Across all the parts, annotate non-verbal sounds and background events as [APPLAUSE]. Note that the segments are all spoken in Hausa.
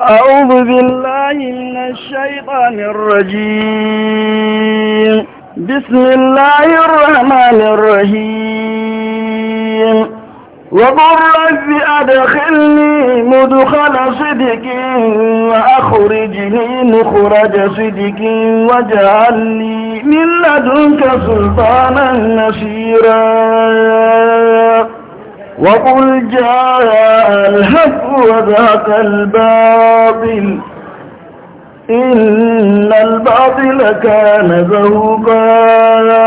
أعوذ بالله من الشيطان الرجيم بسم الله الرحمن الرحيم وقل رب أدخلني مدخل صدق وأخرجني مخرج صدق واجعلني من لدنك سلطانا نصيرا وقل جاء الحق وذاك الباطل إن الباطل كان ذهبا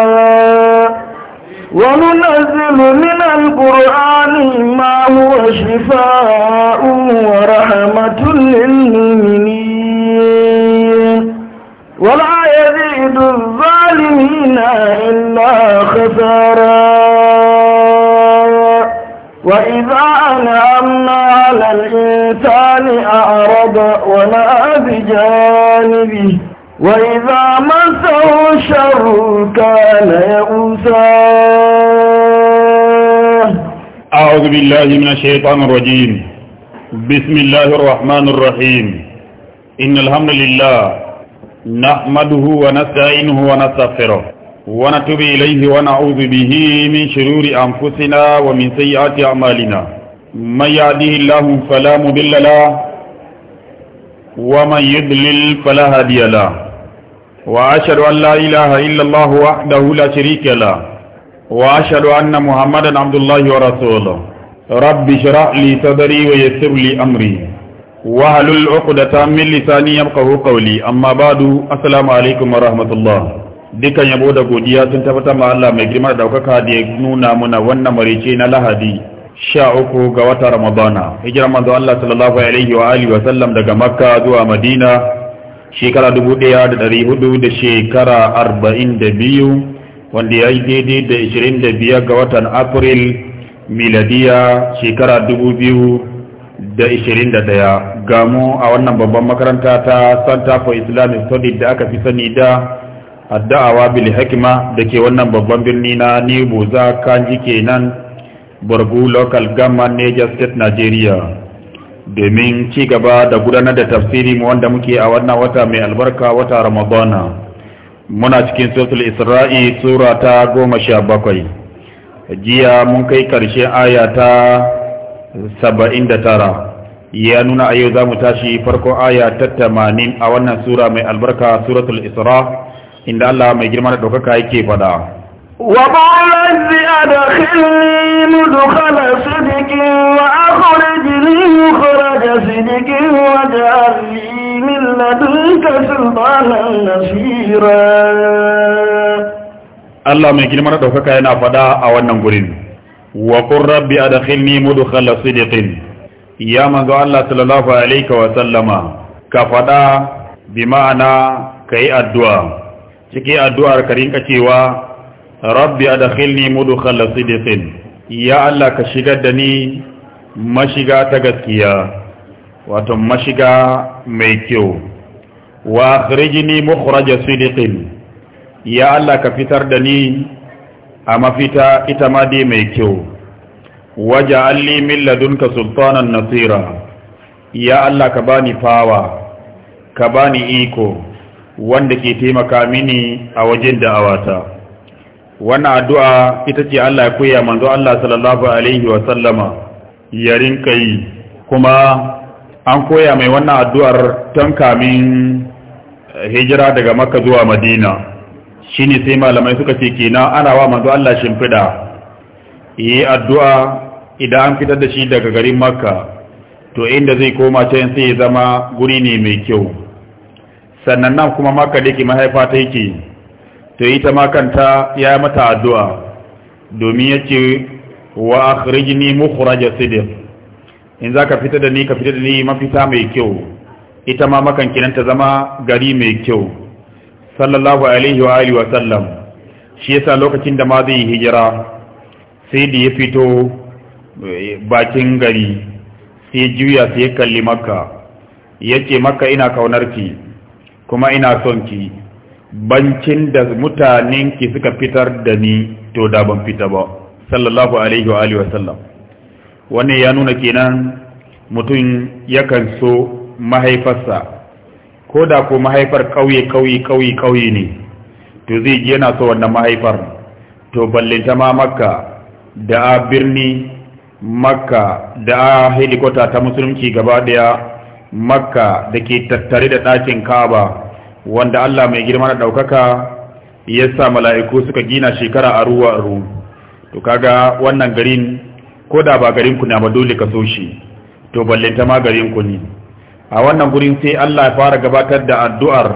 وننزل من القرآن ما هو شفاء ورحمة للمؤمنين ولا يزيد الظالمين إلا خسارا وإذا أنعمنا على الإنسان أعرض ولا بجانبه وإذا مسه الشر كان يئوسا أعوذ بالله من الشيطان الرجيم بسم الله الرحمن الرحيم إن الحمد لله نحمده ونستعينه ونستغفره ونتوب إليه ونعوذ به من شرور أنفسنا ومن سيئات أعمالنا من يهده الله فلا مضل له ومن يضلل فلا هادي له وأشهد أن لا إله إلا الله وحده لا شريك له وأشهد أن محمدا عبد الله ورسوله رب اشرح لي صدري ويسر لي أمري واهل العقدة من لساني يبقه قولي أما بعد السلام عليكم ورحمة الله dukkan yabo da godiya sun tabbatar ma Allah mai girma da daukaka da ya nuna muna wannan marice na Lahadi sha uku ga wata Ramadana hijira manzo Allah sallallahu alaihi wa alihi wa sallam daga Makka zuwa Madina shekara dubu ɗaya da ɗari hudu da shekara arba'in da biyu wanda ya yi daidai da ishirin da biyar ga watan April miladiya shekara dubu biyu da ishirin da ɗaya gamu a wannan babban makaranta ta Center for Islamic Studies da aka fi sani da addawa bil hikima da ke wannan babban birni na nibu za kanji kenan bargu local government niger state nigeria domin ci gaba da gudanar da tafsiri mu wanda muke a wannan wata mai albarka wata ramadana muna cikin suratul isra'i sura ta goma sha bakwai jiya mun kai karshen aya ta saba'in da tara ya nuna a yau za mu tashi farko aya ta tamanin a wannan sura mai albarka suratul isra' inda Allah mai girma da ɗaukaka yake fada. Wa ƙaunar ziyada khilni mudukhala sidiki wa Akwai jini akhrijni mukhraja sidiki wa ja'alni min ladunka sultanan nasira. Allah mai girma da ɗaukaka yana fada a wannan gurin. Wa qur rabbi adkhilni mudkhala sidiqin. Ya manzo Allah sallallahu alaihi wa sallama ka fada bi ma'ana ka yi addu'a cikin addu'ar ka cewa rabbi adkhilni mudkhala sidqin ya Allah ka shigar da ni mashiga ta gaskiya wato mashiga mai kyau wa akhrijni mukhraja sidiqin ya Allah ka fitar da ni a mafita ita ma dai mai kyau Waje li min ladunka sultanan nasira ya Allah ka bani fawa ka bani iko wanda ke taimaka mini a wajen da'awata wannan addu'a ita ce Allah ya koya manzo Allah sallallahu alaihi wa sallama ya rinka kuma an koya mai wannan addu'ar tun kamin hijira daga Makka zuwa Madina shine sai malamai suka ce kenan ana wa manzo Allah shimfida yi addu'a idan an fitar da shi daga garin Makka to inda zai koma can sai ya zama guri ne mai kyau sannan nan kuma maka da yake mahaifa ta yake to ita ma kanta ya mata addu'a domin yake wa akhrijni mukhraja sidq in zaka fita da ni ka fita da ni mafita mai kyau ita ma makan kinan ta zama gari mai kyau sallallahu alaihi wa alihi wa sallam shi yasa lokacin da ma zai hijira sai da ya fito eh, bakin gari sai juya sai kalli makka yace makka ina kaunar ki kuma ina son ki bancin da mutanen ki suka fitar da ni to da ban fita ba sallallahu alaihi wa alihi wa sallam wannan ya nuna kenan mutum yakan so mahaifarsa ko da ko mahaifar kauye kauye kauye kauye ne to zai ji yana so wannan mahaifar to ballinta ma makka da a birni makka da a helikota ta musulunci gaba daya makka da ke tattare da ɗakin kaba wanda allah mai girma da ɗaukaka ya sa mala'iku suka gina shekara a ruwa ru to kaga wannan garin ko da ba garin ku ne ba dole ka so shi to ballanta ma garin ku ne a wannan gurin sai allah ya fara gabatar da addu'ar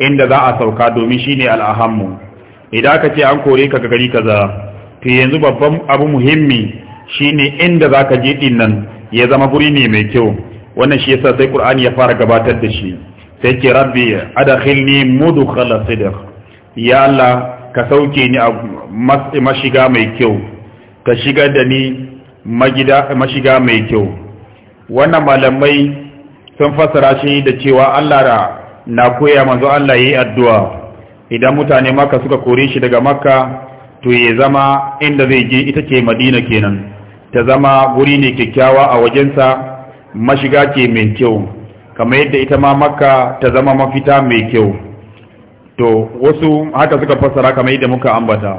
inda za a sauka domin shi ne al'ahammu idan ka ce an kore ka ga gari kaza to yanzu babban abu muhimmi shine inda za ka je ɗin nan ya zama guri ne mai kyau wannan shi yasa sai qur'ani ya fara gabatar da shi sai ke rabbi adkhilni mudkhala sidq ya Allah ka sauke ni a mashiga mai kyau ka shiga da ni mashiga mai kyau wannan malamai sun fassara shi da cewa Allah na koya manzo Allah yi addu'a idan mutane maka suka kore shi daga makka to ya zama inda zai je ita ce madina kenan ta zama guri ne kyakkyawa a wajensa mashiga ke mai kyau kamar yadda ita ma makka ta zama mafita mai kyau to wasu haka suka fassara kamar yadda muka ambata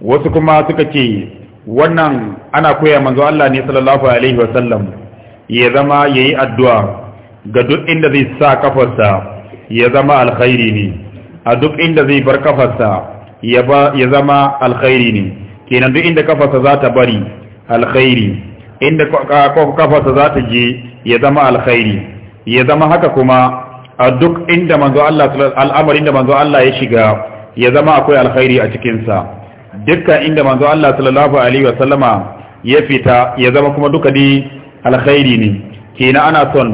wasu kuma suka ce wannan ana koya manzo Allah ne sallallahu alaihi wa sallam ya zama yayi addu'a ga duk inda zai sa kafarsa ya zama alkhairi ne a duk inda zai bar kafarsa ya zama alkhairi ne kenan duk inda kafarsa za ta bari alkhairi inda kafarsa za ta je ya zama alkhairi ya zama haka kuma a duk inda manzo Allah al'amarin da manzo Allah ya shiga ya zama akwai alkhairi a cikinsa dukkan inda manzo Allah sallallahu alaihi wasallama ya fita ya zama kuma duka di alkhairi ne kenan ana son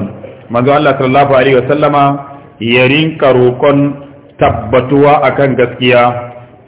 manzo Allah sallallahu alaihi wasallama ya rinka roƙon tabbatuwa akan gaskiya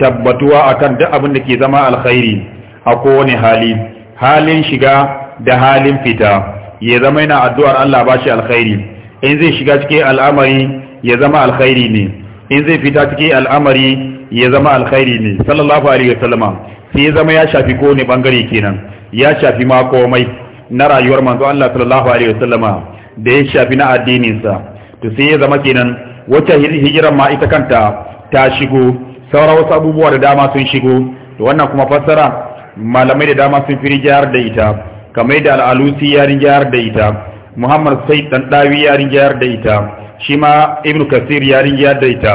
tabbatuwa akan duk abin da ke zama alkhairi a kowane hali halin shiga da halin fita ya zama yana addu'ar Allah ba shi alkhairi in zai shiga cikin al'amari ya zama alkhairi ne in zai fita cikin al'amari ya zama alkhairi ne sallallahu alaihi sallama sai ya zama ya shafi kowane bangare kenan ya shafi ma komai na rayuwar manzo Allah sallallahu alaihi sallama da ya shafi na addininsa to sai ya zama kenan wata hijiran ma ita kanta ta shigo sauran wasu abubuwa da dama sun shigo to wannan kuma fassara malamai da dama sun fi rijiyar da ita kamar da al'alusi ya rinjayar da ita muhammad sai ɗanɗawi ya rinjayar da ita shi ma ibnu kasir ya rinjayar da ita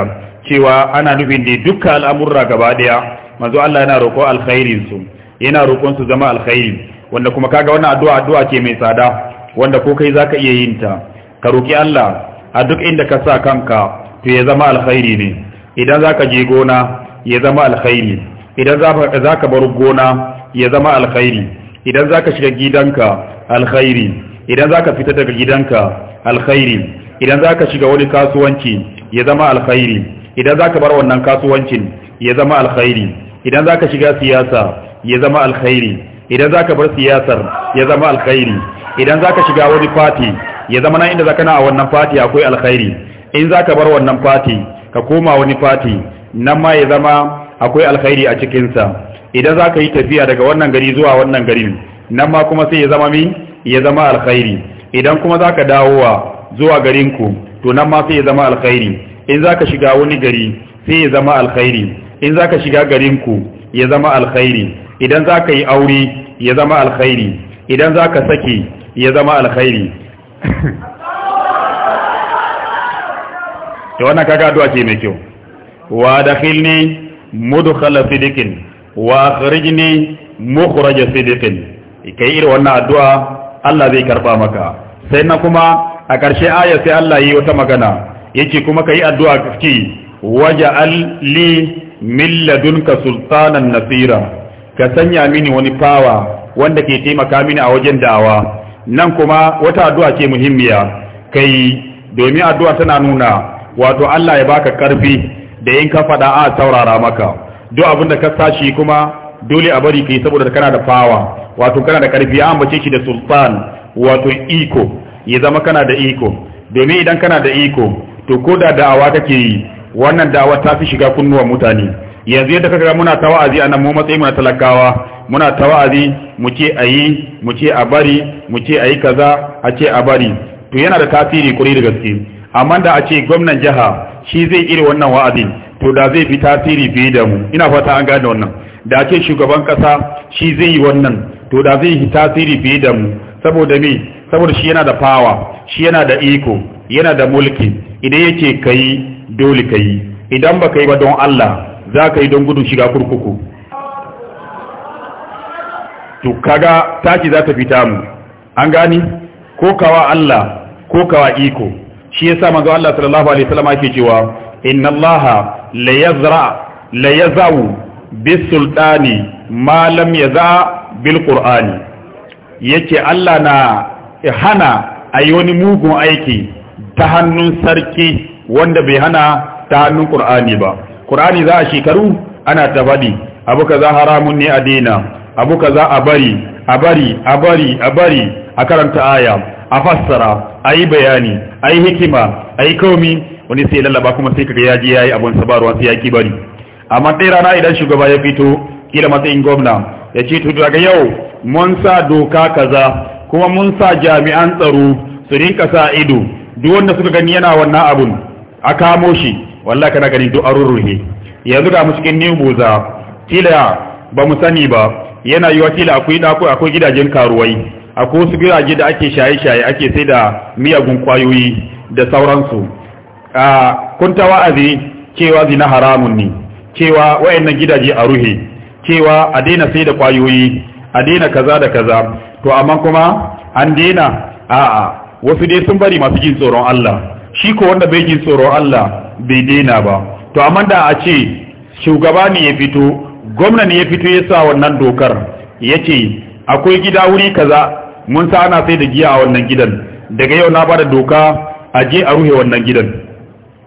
cewa ana nufin da dukkan al'amurra gaba ɗaya manzo Allah yana roƙo alkhairin su yana roƙon su zama alkhairi wanda kuma kaga wannan addu'a addu'a ce mai tsada wanda ko kai zaka iya yin ta ka roki Allah a duk inda ka sa kanka to ya zama alkhairi ne idan zaka je gona ya zama alkhairi idan zaka bar gona ya zama alkhairi idan za ka shiga gidanka alkhairi idan za ka fita daga gidanka alkhairi idan za ka shiga wani kasuwanci ya zama alkhairi idan za ka bar wannan kasuwancin ya zama alkhairi idan za ka shiga siyasa ya zama alkhairi idan za ka bar siyasar ya zama alkhairi idan za ka shiga wani fati ya zama nan inda ka na a wannan fati akwai alkhairi in za ka bar wannan fati ka koma wani fati nan ma ya zama akwai alkhairi a cikinsa idan za ka yi tafiya daga wannan gari zuwa wannan garin nan ma kuma sai ya zama mi ya zama alkhairi idan kuma za ka dawowa zuwa garinku to nan ma sai ya zama alkhairi in za ka shiga wani gari sai ya zama alkhairi in za ka shiga garinku ya zama alkhairi idan za ka yi aure ya zama alkhairi idan za ka sake ya zama alkhairi [LAUGHS] ta wannan kaga addu'a ce mai kyau wa dakhilni mudkhala sidiqin wa akhrijni mukhraj sidiqin kai irin wannan addu'a Allah zai karba maka sai na kuma a ƙarshe aya sai Allah yi wata magana yace kuma ka yi addu'a ki waja'al li min ladunka sultanan nasira ka sanya mini wani fawa wanda ke taimaka mini a wajen da'awa nan kuma wata addu'a ce muhimmiya kai domin addu'a tana nuna wato Allah ya baka karfi da in ka faɗa a saurara maka duk abin da ka sashi kuma dole a bari kai saboda kana da fawa wato kana da karfi an bace shi da sultan wato iko ya zama kana da iko domin idan kana da iko to ko da da'awa kake yi wannan da'awa ta fi shiga kunnuwan mutane yanzu yadda kaga muna ta wa'azi anan mu matsayi muna talakawa muna ta wa'azi mu ce ayi mu ce a bari mu ce ayi kaza a ce a bari to yana da tasiri kuri da gaske amma da a ce gwamnan jiha shi zai iri wannan wa'azin to da zai fi tasiri fiye da mu ina fata an gane wannan da ake shugaban kasa shi zai yi wannan to da zai yi tasiri fiye da mu saboda me saboda shi yana da fawa shi yana da iko yana da mulki idan yake kai dole kai idan ba kai ba don Allah za ka yi don gudun shiga kurkuku to kaga taki za ta fita mu an gani ko kawa Allah ko kawa iko shi yasa manzo Allah sallallahu alaihi wasallam yake cewa Innallaha allaha la yazra sultani ma lam yaza bil qur'ani yake Allah na hana ayi wani mugun aiki ta hannun sarki wanda bai hana ta hannun qur'ani ba qur'ani za a shekaru ana ta faɗi abu haramun ne a daina abu za a bari a bari a bari a bari a karanta aya a fassara a yi bayani a yi hikima a yi komi wani sai lallaba kuma sai kaga ya yayi abun sabarwa sai yaki bari amma dai rana idan shugaba ya fito kila matsayin gwamna ya ce to daga yau mun sa doka kaza kuma mun sa jami'an tsaro su rinka sa ido duk wanda suka gani yana wannan abun a kamo shi wallahi kana gani duk arurruhe yanzu ga mu cikin new buza kila ba mu sani ba yana yiwa kila akwai da akwai gidajen karuwai akwai wasu gidaje da ake shaye-shaye ake sai da miyagun kwayoyi da sauransu kun ta wa'azi cewa zina haramun ne cewa wayannan gidaje a ruhe cewa a daina sai da kwayoyi a daina kaza da kaza to amma kuma an daina a'a wasu dai sun bari masu jin tsoron Allah shi ko wanda bai jin tsoron Allah bai daina ba to amma da a ce shugaba ne ya fito gwamna ne ya fito ya sa wannan dokar ya ce akwai gida wuri kaza mun sa ana sai da giya a wannan gidan daga yau na bada doka a je a ruhe wannan gidan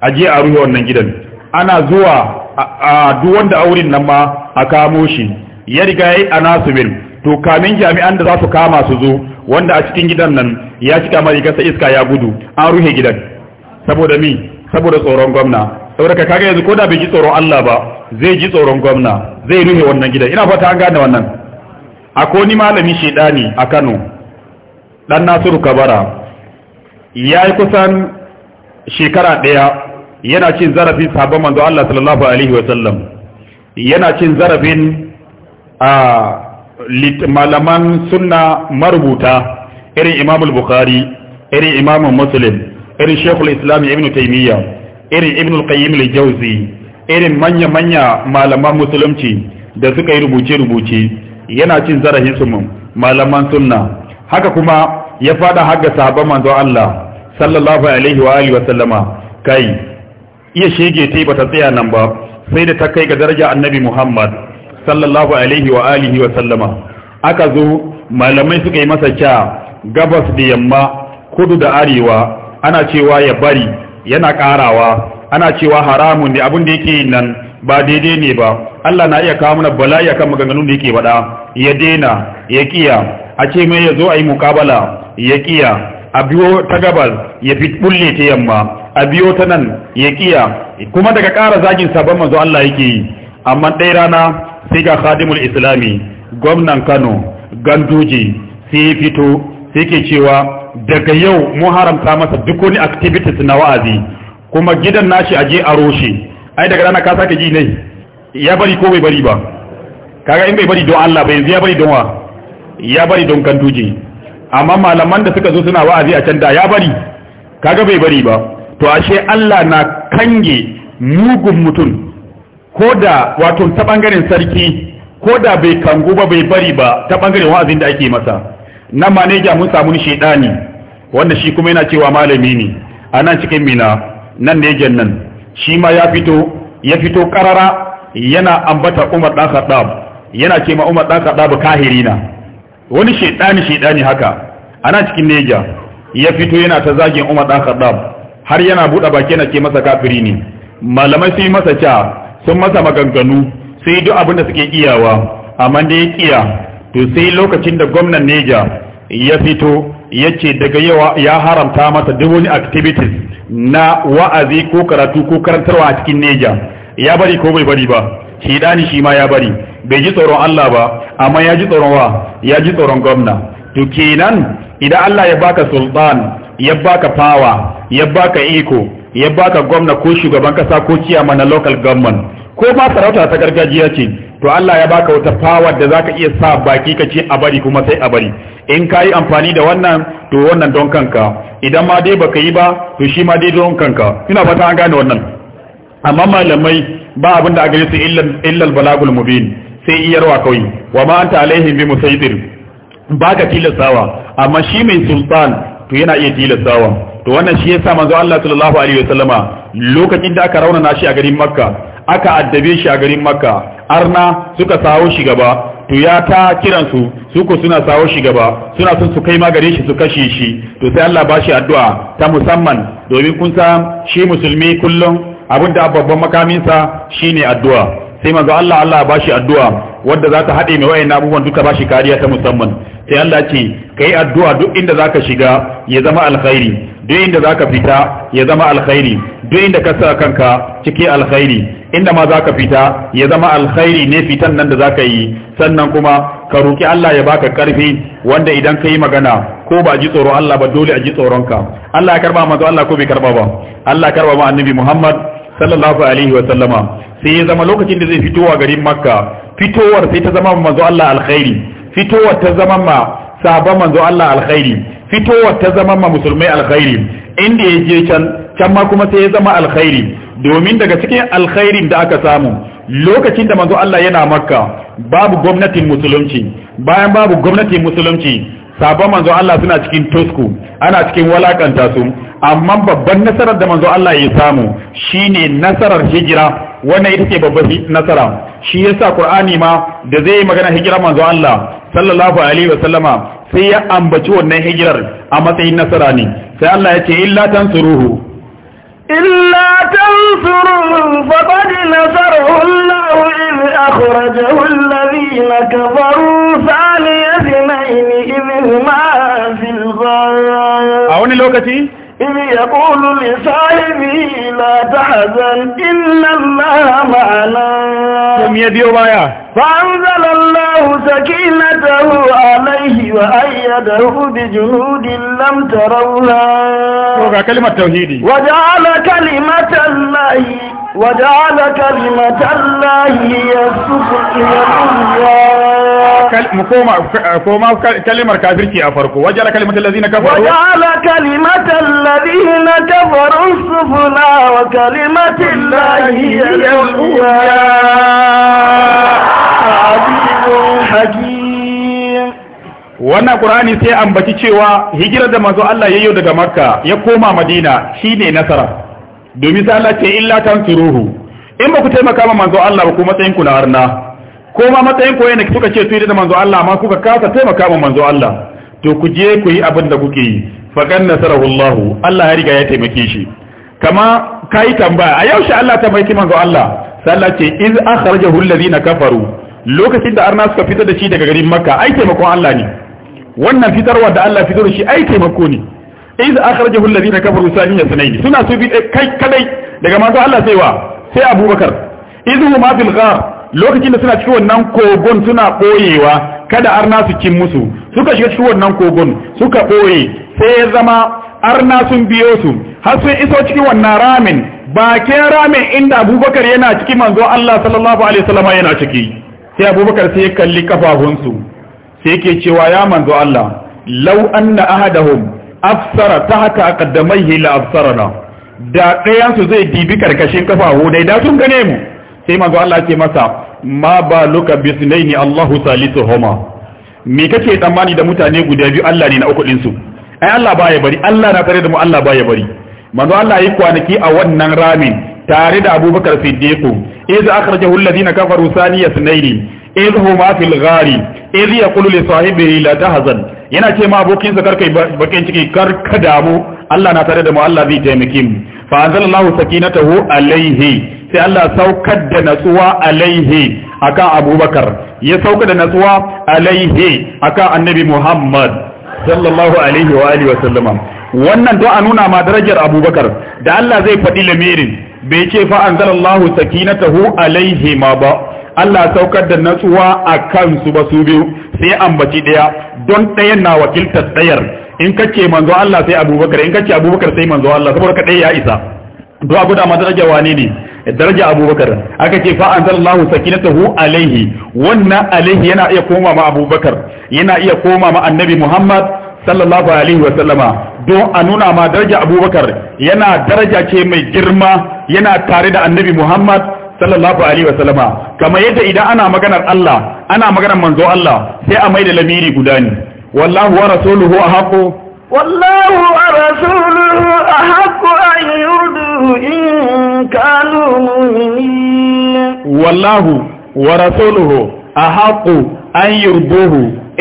a je a ruhe wannan gidan ana zuwa a duk wanda auren nan ma a kamo shi ya riga yayi min. to kamin jami'an da za su kama su zo wanda a cikin gidan nan ya cika mai gasa iska ya gudu an ruhe gidan saboda mi saboda tsoron gwamna saboda ka kaga yanzu ko da bai ji tsoron Allah ba zai ji tsoron gwamna zai ruhe wannan gidan ina fata an gane wannan akwai ni malami shedani a Kano dan Nasiru Kabara yayi kusan shekara daya yana cin zarafin sabon manzo Allah sallallahu alaihi wa sallam yana cin zarafin a malaman sunna marubuta irin Imam al-Bukhari irin Imam Muslim irin Sheikhul Islam Ibn Taymiyyah irin Ibn al-Qayyim al-Jawzi irin manya-manya malaman musulunci da suka yi rubuce-rubuce yana cin zarafin su malaman sunna haka kuma ya fada haga sahabban manzo Allah sallallahu alaihi wa alihi wa sallama kai iya shege ta yi bata tsaya nan ba sai da ta kai ga daraja annabi Muhammad sallallahu alaihi wa alihi wa sallama aka zo malamai suka yi masa kya gabas da yamma kudu da arewa ana cewa ya bari yana karawa ana cewa haramun da abin da yake nan ba daidai ne ba Allah na iya kawo mana bala'i akan maganganun da yake faɗa ya daina ya kiya a ce mai ya zo a yi mukabala ya kiya a biyo ta gabas ya fi bulle ta yamma a biyo ta nan ya kiya kuma daga ƙara zagin sabon manzo Allah yake yi amma ɗaya rana sai ga khadimul islami gwamnan Kano Ganduje sai ya fito sai ke cewa daga yau mu haramta masa duk wani activities na wa'azi kuma gidan nashi aje a roshe ai daga rana ka sake ji ne ya bari ko bai bari ba kaga in bai bari don Allah ba yanzu ya bari don wa ya bari don Ganduje amma malaman da suka zo suna wa'azi a can da ya bari kaga bai bari ba to ashe Allah na kange mugun mutum ko da wato ta bangaren sarki ko da bai kango ba bai bari ba ta bangaren wa'azin da ake masa nan maneja mun samu shaidani wanda shi kuma yana cewa malami ne a nan cikin mina nan ne nan shi ma ya fito ya fito karara yana ambata Umar dan Khattab yana ce ma Umar dan Khattab kahirina wani shaidani shaidani haka a nan cikin neja ya fito yana ta zagin Umar dan Khattab har yana buɗe baki yana ce masa kafiri ne malamai sun yi masa ca sun masa maganganu sun yi duk abin da suke iyawa amma da ya kiya to sai lokacin da gwamnan neja ya fito ya ce daga yawa ya haramta masa duk wani activities na wa'azi ko karatu ko karantarwa a cikin neja ya bari ko bai bari ba shi dani shi ma ya bari bai ji tsoron Allah ba amma ya ji tsoron wa ya ji tsoron gwamna to kenan idan Allah ya baka sultan ya baka power ya baka iko ya baka gwamna ko shugaban kasa ko ciyama na local government ko ba sarauta ta gargajiya ce to Allah ya baka wata power da zaka iya sa baki ka ce a bari kuma sai a bari in kai amfani da wannan to wannan don kanka idan ma dai baka yi ba to shi ma dai don kanka ina fata an gane wannan amma malamai ba abin da a gare illa illal balagul mubin sai iyarwa kawai wa ma anta alaihim bi musaytir baka tilastawa amma shi mai sultan to yana iya tilastawa to wannan shi yasa manzo Allah sallallahu alaihi wasallama lokacin da aka rauna nashi a garin Makka aka addabe shi a garin Makka arna suka sawo shi gaba to ya ta kiransu su ko suna sawo shi gaba suna son su kai ma gare shi su kashe shi to sai Allah ba shi addu'a ta musamman domin kun san shi musulmi kullum abinda babban makamin sa shine addu'a sai manzo Allah Allah ba shi addu'a wadda za ta haɗe mai wayan abubuwan duka ba shi kariya ta musamman sai Allah ce ka yi addu'a duk inda za ka shiga ya zama alkhairi duk inda za ka fita ya zama alkhairi duk inda ka sa kanka cikin alkhairi inda ma za ka fita ya zama alkhairi ne fitan nan da za ka yi sannan kuma ka ruki Allah ya baka karfi wanda idan ka yi magana ko ba ji tsoro Allah ba dole a ji tsoronka Allah ya karba manzo Allah ko bai karba ba Allah ya karba ma annabi Muhammad sallallahu alaihi wa sallama sai ya zama lokacin da zai fito fitowa garin makka fitowar sai ta zama manzo Allah alkhairi fitowar ta zama ma sahaba manzo Allah alkhairi fitowar ta zama ma musulmai alkhairi inda ya je can can ma kuma sai ya zama alkhairi domin daga cikin alkhairin da aka samu lokacin da manzo Allah yana makka babu gwamnatin musulunci bayan babu gwamnatin musulunci sabon manzo Allah suna cikin tosku ana cikin walakanta su amma babban nasarar da manzo Allah ya samu shine nasarar hijira wannan ita ce babban nasara shi yasa Qur'ani ma da zai yi magana hijira manzo Allah sallallahu alaihi wa sallama sai ya ambaci wannan hijirar a matsayin nasara ne sai Allah ya ce illa tansuruhu إلا تنصروا فقد نصره الله إذ أخرجه الذين كفروا ثاني اثنين إذ ما في الغار أعوني لوكتي إذ يقول لصاحبه لا تحزن إن الله معنا فأنزل الله سكينته عليه وأيده بجنود لم تروها كلمة توحيدي وجعل كلمة الله وجعل كلمة الله هي السفل العليا mu koma eh, koma kalimar kafirci a farko wajala kalimatul ladina kafaru wajala kalimatul ladina kafaru sufla wa kalimatul lahi al-ulya azizun hakim wannan qur'ani sai ambaci cewa hijirar da manzo Allah yayyo daga makka ya koma madina shi ne nasara domin sai Allah ce illa tansuruhu in ba ku taimaka ma manzo Allah ba ku matsayin ku na harna ko ma matsayin koyi ne kuka ce su da manzo Allah amma kuka kasa taimaka ma manzo Allah to ku je ku yi abin da kuke yi faqad nasarahu Allah Allah ya riga ya taimake shi kama kai tambaya a yau yaushe Allah ta baiki manzo Allah sallah ce iz akhrajahu alladhina kafaru lokacin da arna suka fitar da shi daga garin makka ai taimakon Allah ne wannan fitarwa da Allah fitar da shi ai taimako ne iz akhrajahu alladhina kafaru saniya sunaini suna su bi eh, kai kadai daga manzo Allah sai wa sai Abubakar idhu ma fil ghar lokacin da suna cikin wannan kogon suna ɓoyewa kada arna su cin musu suka shiga cikin wannan kogon suka ɓoye sai ya zama arna sun biyo su har sun iso cikin wannan ramin bakin ramin inda abubakar yana ciki manzo Allah sallallahu alaihi wasallam yana ciki sai abubakar sai ya kalli kafafunsu sai yake cewa ya manzo Allah law anna ahadahum afsara tahta aqdamaihi la afsarana da ɗayansu zai dibi karkashin kafafu dai da sun gane mu sai manzo Allah ce masa ma baluka bisnaini Allahu Homa me kake tsammani da mutane guda biyu Allah ne na uku din su ai Allah baya bari Allah na tare da mu Allah baya bari manzo Allah yi kwanaki a wannan ramin tare da Abubakar Siddiq iz akhrajahu alladhina kafaru saniya sunaini iz huma fil ghari iz yaqulu li sahibihi la tahzan yana ce ma abokinsa karkai bakin ciki kar ka damu Allah na tare da mu Allah zai taimake mu fa anzalallahu sakinatahu alaihi sai Allah saukar da natsuwa alaihi akan abubakar ya saukar da natsuwa alaihi akan annabi muhammad sallallahu alaihi wa alihi wa sallama wannan don a nuna ma darajar abubakar da Allah zai faɗi lamirin bai ce fa an anzalallahu sakinatahu alaihi ma ba Allah saukar da natsuwa a kansu ba su biyu sai ambaci ɗaya don ɗayan na wakiltar ɗayar in kace manzo Allah sai abubakar in kace abubakar sai manzo Allah saboda ka ɗaya ya isa to a guda ma daraja wane ne daraja abubakar aka ce fa anzalallahu sakinatahu alaihi wannan alaihi yana iya koma ma abubakar yana iya koma ma annabi muhammad sallallahu alaihi wa sallama don a nuna ma daraja abubakar yana daraja ce mai girma yana tare da annabi muhammad sallallahu alaihi wa sallama kamar yadda idan ana maganar Allah ana maganar manzo Allah sai a mai da lamiri guda ne wallahu wa rasuluhu ahaqu والله ورسوله أحق أن يردوه إن كانوا مؤمنين والله ورسوله أحق أن يردوه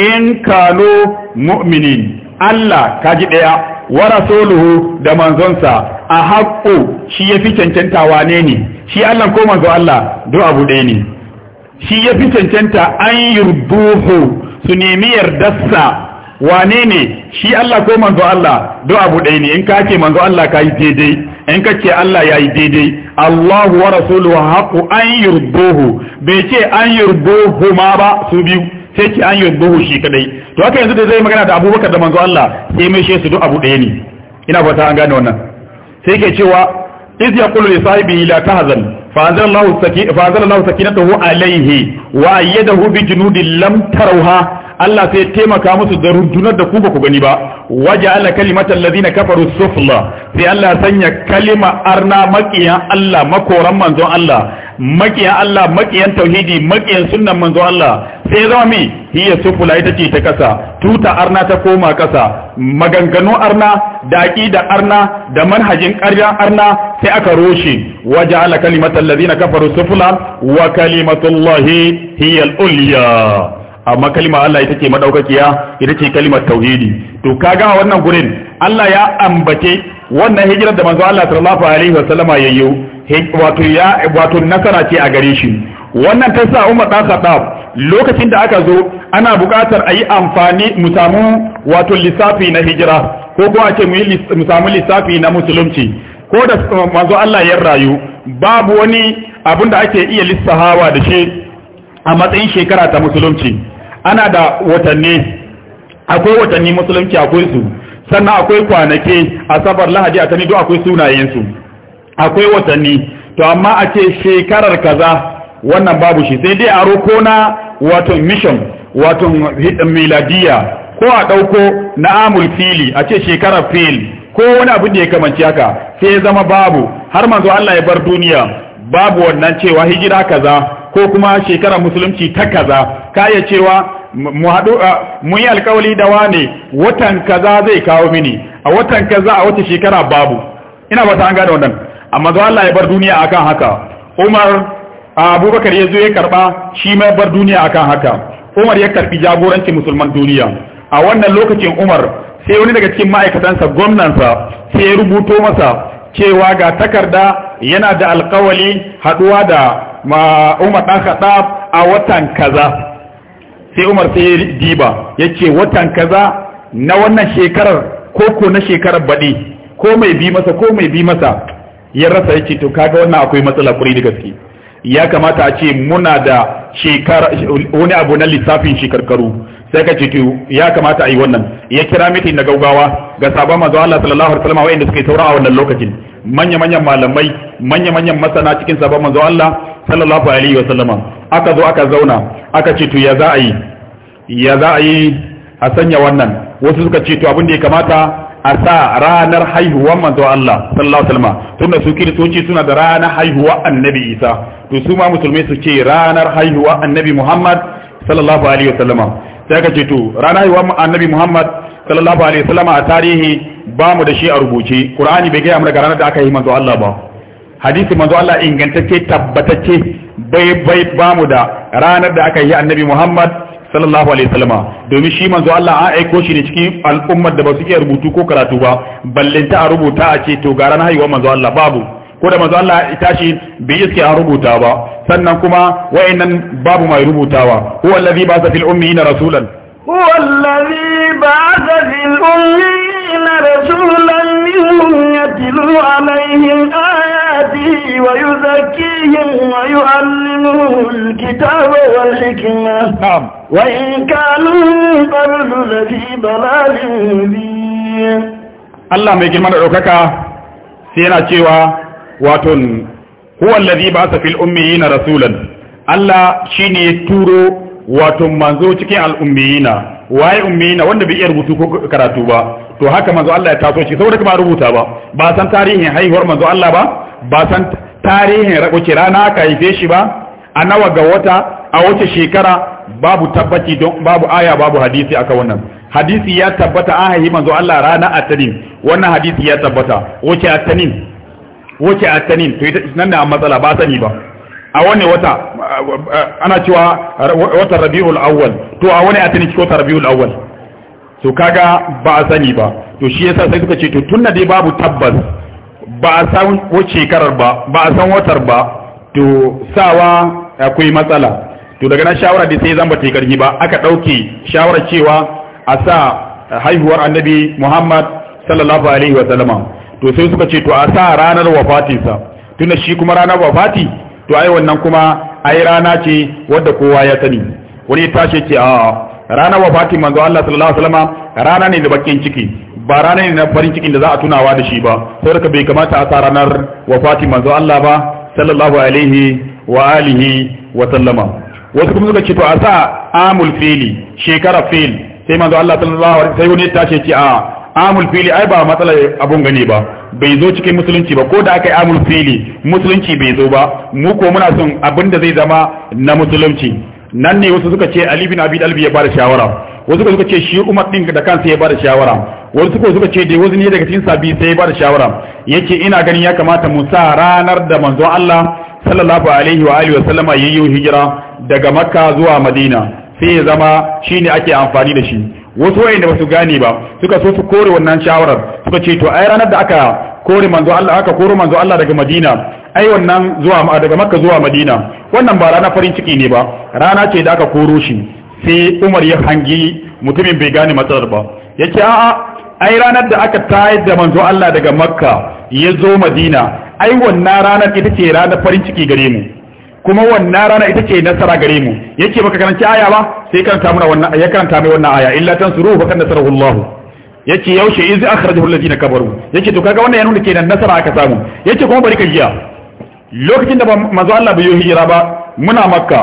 إن كانوا مؤمنين Allah kaji ɗaya wa rasuluhu da manzonsa a haƙo shi ya fi cancanta wane ne shi Allah ko manzo Allah do abu ɗaya ne shi ya fi cancanta an yurduhu su nemi yardarsa wane ne shi Allah ko manzo Allah do abu ɗaya ne in ka ce manzo Allah ka yi daidai in ka ce Allah ya yi daidai Allahu wa rasuluhu haqqu an yurduhu bai ce an yurduhu ma ba su biyu sai ce an yurduhu shi kadai to haka yanzu da zai magana da Abubakar da manzo Allah sai mai shi su do abu ɗaya ne ina ta an gane wannan sai ke cewa iz yaqulu li sahibihi la tahzan sakinatahu alayhi Wa ayyadahu bi junudin lam تروها Allah sai taimaka musu da rundunar da ku ba ku gani ba waje Allah kalimatal ladina kafaru sufla sai Allah sanya kalima arna makiyan Allah makoran manzon Allah makiyan Allah makiyan tauhidi makiyan sunnan manzon Allah sai zama me hiya sufla ita ce ta kasa tuta arna ta koma kasa maganganu arna da aqida arna da manhajin ƙarya arna sai aka roshe waje Allah kalimatal ladina kafaru sufla wa kalimatullahi hiya al-ulya amma kalima Allah ita ce madaukakiya ita ce kalmar tauhidi to kaga a wannan gurin Allah ya ambace wannan hijirar da manzo Allah sallallahu alaihi sallama yayyo wato ya wato nasara ce a gare shi wannan ta sa Umar ta lokacin da aka zo ana buƙatar a yi amfani mu samu wato lissafi na hijira ko kuma a ce mu samu lissafi na musulunci ko da manzo Allah ya rayu babu wani abin da ake iya lissahawa da shi a matsayin shekara ta musulunci ana da watanni akwai watanni musulunci akwai su sannan akwai kwanaki asabar lahadi a tani duk akwai sunayensu akwai watanni to amma a ce shekarar kaza wannan babu shi sai dai a roko na wato mission wato miladiya ko a ɗauko na amul fili a ce shekarar fil ko wani abin da ya kamanci haka sai ya zama babu har manzo Allah ya bar duniya babu wannan cewa hijira kaza ko kuma shekarar musulunci ta kaza ka iya cewa mu haɗu mun yi alkawali da wane watan kaza zai kawo mini a watan kaza a wata shekara babu ina ba ta an gane wannan amma zuwa Allah ya bar duniya akan haka Umar Abubakar ya zo ya karba shi ma bar duniya akan haka Umar ya karbi jagorancin musulman duniya a wannan lokacin Umar sai wani daga cikin ma'aikatansa gwamnansa sai ya rubuto masa cewa ga takarda yana da alkawali haɗuwa da ma Umar dan Khattab a watan kaza sai Umar sai ya diba yace watan kaza na wannan shekarar ko ko na shekarar baɗi ko mai bi masa ko mai bi masa ya rasa yace to kaga wannan akwai matsala kuri da gaske ya kamata a ce muna da shekara wani abu na lissafin shekarkaru sai ka ce to ya kamata a yi wannan ya kira mitin na gaugawa ga sabon manzo Allah sallallahu alaihi wasallam wa'anda suke taura a wannan lokacin manya manyan malamai manya manyan masana cikin sabon manzo Allah sallallahu alaihi wa sallama aka zo aka zauna aka ce to ya za a yi ya za a yi a sanya wannan wasu suka ce to abin da ya kamata a sa ranar haihuwa manzo Allah sallallahu alaihi wa sallama tunda su kiristoci suna da ranar haihuwa annabi Isa to su ma musulmai su ce ranar haihuwa annabi Muhammad sallallahu alaihi wa sallama sai aka ce to ranar haihuwa annabi Muhammad sallallahu alaihi wa sallama a tarihi ba mu da shi a rubuce Qur'ani bai ga mu daga ranar da aka yi manzo Allah ba hadisi manzo Allah ingantacce tabbatacce bai bai ba mu da ranar da aka yi annabi Muhammad sallallahu alaihi wasallama domin shi manzo Allah an aiko shi ne cikin al'ummar da ba su iya rubutu ko karatu ba ballanta a rubuta a ce to ga ranar haihuwar manzo Allah babu ko da manzo Allah ya tashi bai iske a rubuta ba sannan kuma wayannan babu mai rubutawa huwa allazi ba'atha fil ummiyina rasulan huwa allazi ba'atha fil ummiyina rasulan minhum ويتلو عليهم آياتي ويزكيهم ويعلمهم الكتاب والحكمة نعم وإن كانوا من قبل لفي ضلال مبين الله ما يجمع ركك سينا تشيوا واتن هو الذي بعث في الأميين رسولا الله شيني تورو واتن منزو تكي الأميين waye ummina wanda bai iya rubutu ko karatu ba to haka manzo Allah ya taso shi saboda kuma rubuta ba ba san tarihin haihuwar manzo Allah ba ba san tarihin rakuce rana ka haife shi ba a nawa ga wata a wace shekara babu tabbaci don babu aya babu hadisi aka wannan hadisi ya tabbata an haihi manzo Allah rana atanin wannan hadisi ya tabbata wace atanin wace atanin to ita nan da matsala ba sani ba a wani wata ana cewa wata rabiul awwal to a wani atanin ko rabiul awwal to kaga ba a sani ba to shi yasa sai suka ce to tunna dai babu tabbas ba a san wace shekarar ba ba a san watar ba to sawa akwai matsala to daga nan shawara da sai zan ba ta karfi ba aka dauke shawarar cewa a sa haihuwar annabi Muhammad sallallahu alaihi wa sallama to sai suka ce to a sa ranar wafatinsa tunda shi kuma ranar wafati to ai wannan kuma ai rana ce wadda kowa ya sani wani tashi ce a ranar wafatin manzo Allah sallallahu alaihi wasallam rana ne da bakin ciki ba rana ne na farin cikin da za a tunawa da shi ba ka bai kamata a sa ranar wafatin manzo Allah ba sallallahu alaihi wa alihi wa sallama wasu kuma suka ce to a sa amul fili shekara fil sai manzo Allah sallallahu alaihi sai wani ta ce a amul fili ai ba matsala abun gani ba bai zo cikin musulunci ba ko da aka yi amul fili musulunci bai zo ba mu ko muna son abin da zai zama na musulunci nan ne wasu suka ce Ali bin Abi Talib ya bada shawara wasu suka ce shi Umar din da kansa ya bada shawara wasu suka suka ce dai wasu ne daga cikin sabi sai ya bada shawara yace ina ganin ya kamata mu sa ranar da manzo Allah sallallahu alaihi wa alihi wa sallama yayin hijira daga Makka zuwa Madina sai ya zama shine ake amfani da shi wasu wayanda ba su gane ba suka so su kore wannan shawarar suka ce to ai ranar da aka kore manzo Allah aka kore manzo Allah daga Madina ai wannan zuwa daga makka zuwa madina wannan ba rana farin ciki ne ba rana ce da aka koro shi sai umar ya hangi mutumin bai gane matsalar ba Ya ce a'a ai ranar da aka tayar da manzo Allah daga makka ya zo madina ai wannan ranar ita ce rana farin ciki gare mu kuma wannan rana ita ce nasara gare mu yake baka karanci aya ba sai karanta mana wannan ya karanta mai wannan aya illa tansuru fa kan nasarahu Allah yace yaushe izi akhrajahu alladhina kabaru yace to kaga wannan ya nuna kenan nasara aka samu yace kuma bari ka jiya lokacin da manzo Allah bai yi hijira ba muna makka